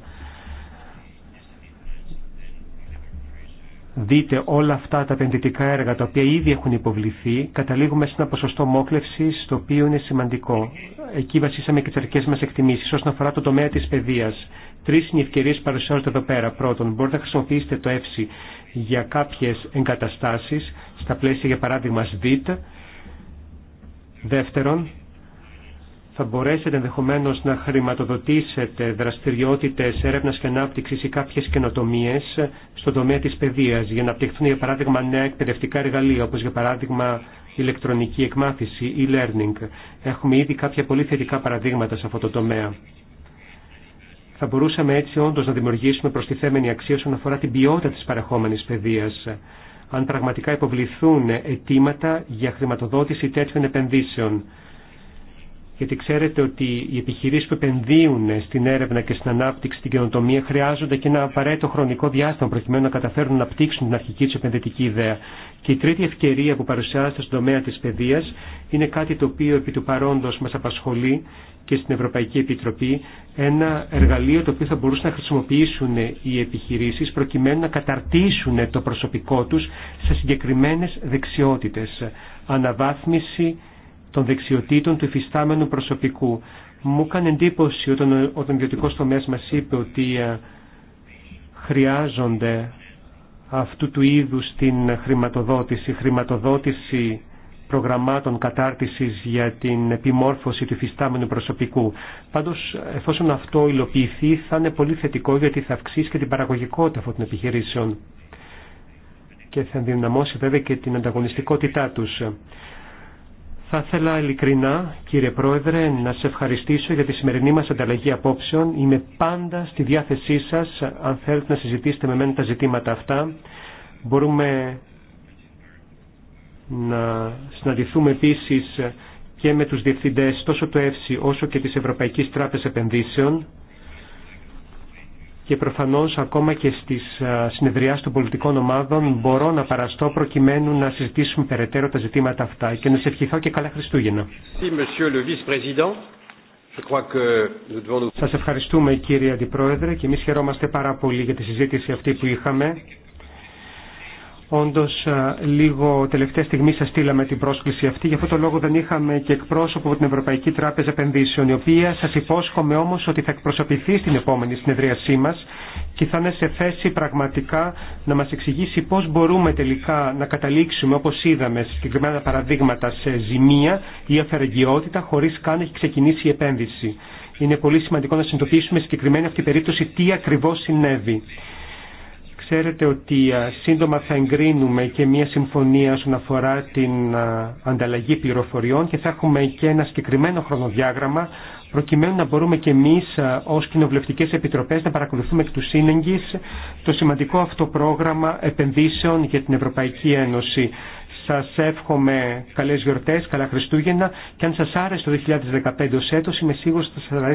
δείτε όλα αυτά τα επενδυτικά έργα τα οποία ήδη έχουν υποβληθεί, καταλήγουμε σε ένα ποσοστό μόκλευσης το οποίο είναι σημαντικό. Εκεί βασίσαμε και τι αρχικέ μα εκτιμήσει όσον αφορά το τομέα τη παιδεία. Τρει είναι οι ευκαιρίε που παρουσιάζονται εδώ πέρα. Πρώτον, μπορείτε να χρησιμοποιήσετε το ΕΦΣΥ για κάποιε εγκαταστάσει, στα πλαίσια για παράδειγμα ΣΔΙΤ, Δεύτερον, θα μπορέσετε ενδεχομένω να χρηματοδοτήσετε δραστηριότητε έρευνα και ανάπτυξη ή κάποιε καινοτομίε στον τομέα τη παιδεία για να απτυχθούν, για παράδειγμα, νέα εκπαιδευτικά εργαλεία, όπω για παράδειγμα ηλεκτρονική εκμάθηση ή e learning. Έχουμε ήδη κάποια πολύ θετικά παραδείγματα σε αυτό το τομέα. Θα μπορούσαμε έτσι όντω να δημιουργήσουμε προστιθέμενη αξία όσον αφορά την ποιότητα τη παρεχόμενη παιδεία αν πραγματικά υποβληθούν αιτήματα για χρηματοδότηση τέτοιων επενδύσεων γιατί ξέρετε ότι οι επιχειρήσεις που επενδύουν στην έρευνα και στην ανάπτυξη, στην καινοτομία, χρειάζονται και ένα απαραίτητο χρονικό διάστημα προκειμένου να καταφέρουν να πτύξουν την αρχική του επενδυτική ιδέα. Και η τρίτη ευκαιρία που παρουσιάζεται στον τομέα της παιδείας είναι κάτι το οποίο επί του παρόντος μας απασχολεί και στην Ευρωπαϊκή Επιτροπή ένα εργαλείο το οποίο θα μπορούσαν να χρησιμοποιήσουν οι επιχειρήσεις προκειμένου να καταρτήσουν το προσωπικό τους σε συγκεκριμένες δεξιότητες. Αναβάθμιση των δεξιοτήτων του υφιστάμενου προσωπικού. Μου έκανε εντύπωση όταν ο ιδιωτικό τομέα μα είπε ότι ε, χρειάζονται αυτού του είδου την χρηματοδότηση, χρηματοδότηση προγραμμάτων κατάρτισης για την επιμόρφωση του υφιστάμενου προσωπικού. Πάντως, εφόσον αυτό υλοποιηθεί, θα είναι πολύ θετικό γιατί θα αυξήσει και την παραγωγικότητα αυτών των επιχειρήσεων και θα ενδυναμώσει βέβαια και την ανταγωνιστικότητά τους. Θα ήθελα ειλικρινά, κύριε Πρόεδρε, να σε ευχαριστήσω για τη σημερινή μας ανταλλαγή απόψεων. Είμαι πάντα στη διάθεσή σας, αν θέλετε να συζητήσετε με μένα τα ζητήματα αυτά. Μπορούμε να συναντηθούμε επίσης και με τους διευθυντές τόσο του ΕΦΣΙ όσο και της Ευρωπαϊκής Τράπεζας Επενδύσεων και προφανώς ακόμα και στις συνεδριάς των πολιτικών ομάδων μπορώ να παραστώ προκειμένου να συζητήσουμε περαιτέρω τα ζητήματα αυτά και να σε ευχηθώ και καλά Χριστούγεννα. Σας ευχαριστούμε κύριε Αντιπρόεδρε και εμείς χαιρόμαστε πάρα πολύ για τη συζήτηση αυτή που είχαμε. Όντω, ε, λίγο τελευταία στιγμή σα στείλαμε την πρόσκληση αυτή. Γι' αυτό το λόγο δεν είχαμε και εκπρόσωπο από την Ευρωπαϊκή Τράπεζα Επενδύσεων, η οποία σα υπόσχομαι όμω ότι θα εκπροσωπηθεί στην επόμενη συνεδρίασή μα και θα είναι σε θέση πραγματικά να μα εξηγήσει πώ μπορούμε τελικά να καταλήξουμε, όπω είδαμε, σε συγκεκριμένα παραδείγματα, σε ζημία ή αφαιρεγγιότητα, χωρί καν έχει ξεκινήσει η επένδυση. Είναι πολύ σημαντικό να συνειδητοποιήσουμε συγκεκριμένα αυτή η επενδυση ειναι πολυ σημαντικο να συνειδητοποιησουμε συγκεκριμενα αυτη περιπτωση τι ακριβώ συνέβη. Ξέρετε ότι σύντομα θα εγκρίνουμε και μια συμφωνία όσον αφορά την ανταλλαγή πληροφοριών και θα έχουμε και ένα συγκεκριμένο χρονοδιάγραμμα προκειμένου να μπορούμε και εμείς ως κοινοβουλευτικές επιτροπές να παρακολουθούμε εκ του σύνεγγυς το σημαντικό αυτό πρόγραμμα επενδύσεων για την Ευρωπαϊκή Ένωση. Σας εύχομαι καλές γιορτές, καλά Χριστούγεννα και αν σας άρεσε το 2015 ως έτος είμαι σίγουρος ότι θα σας αρέσει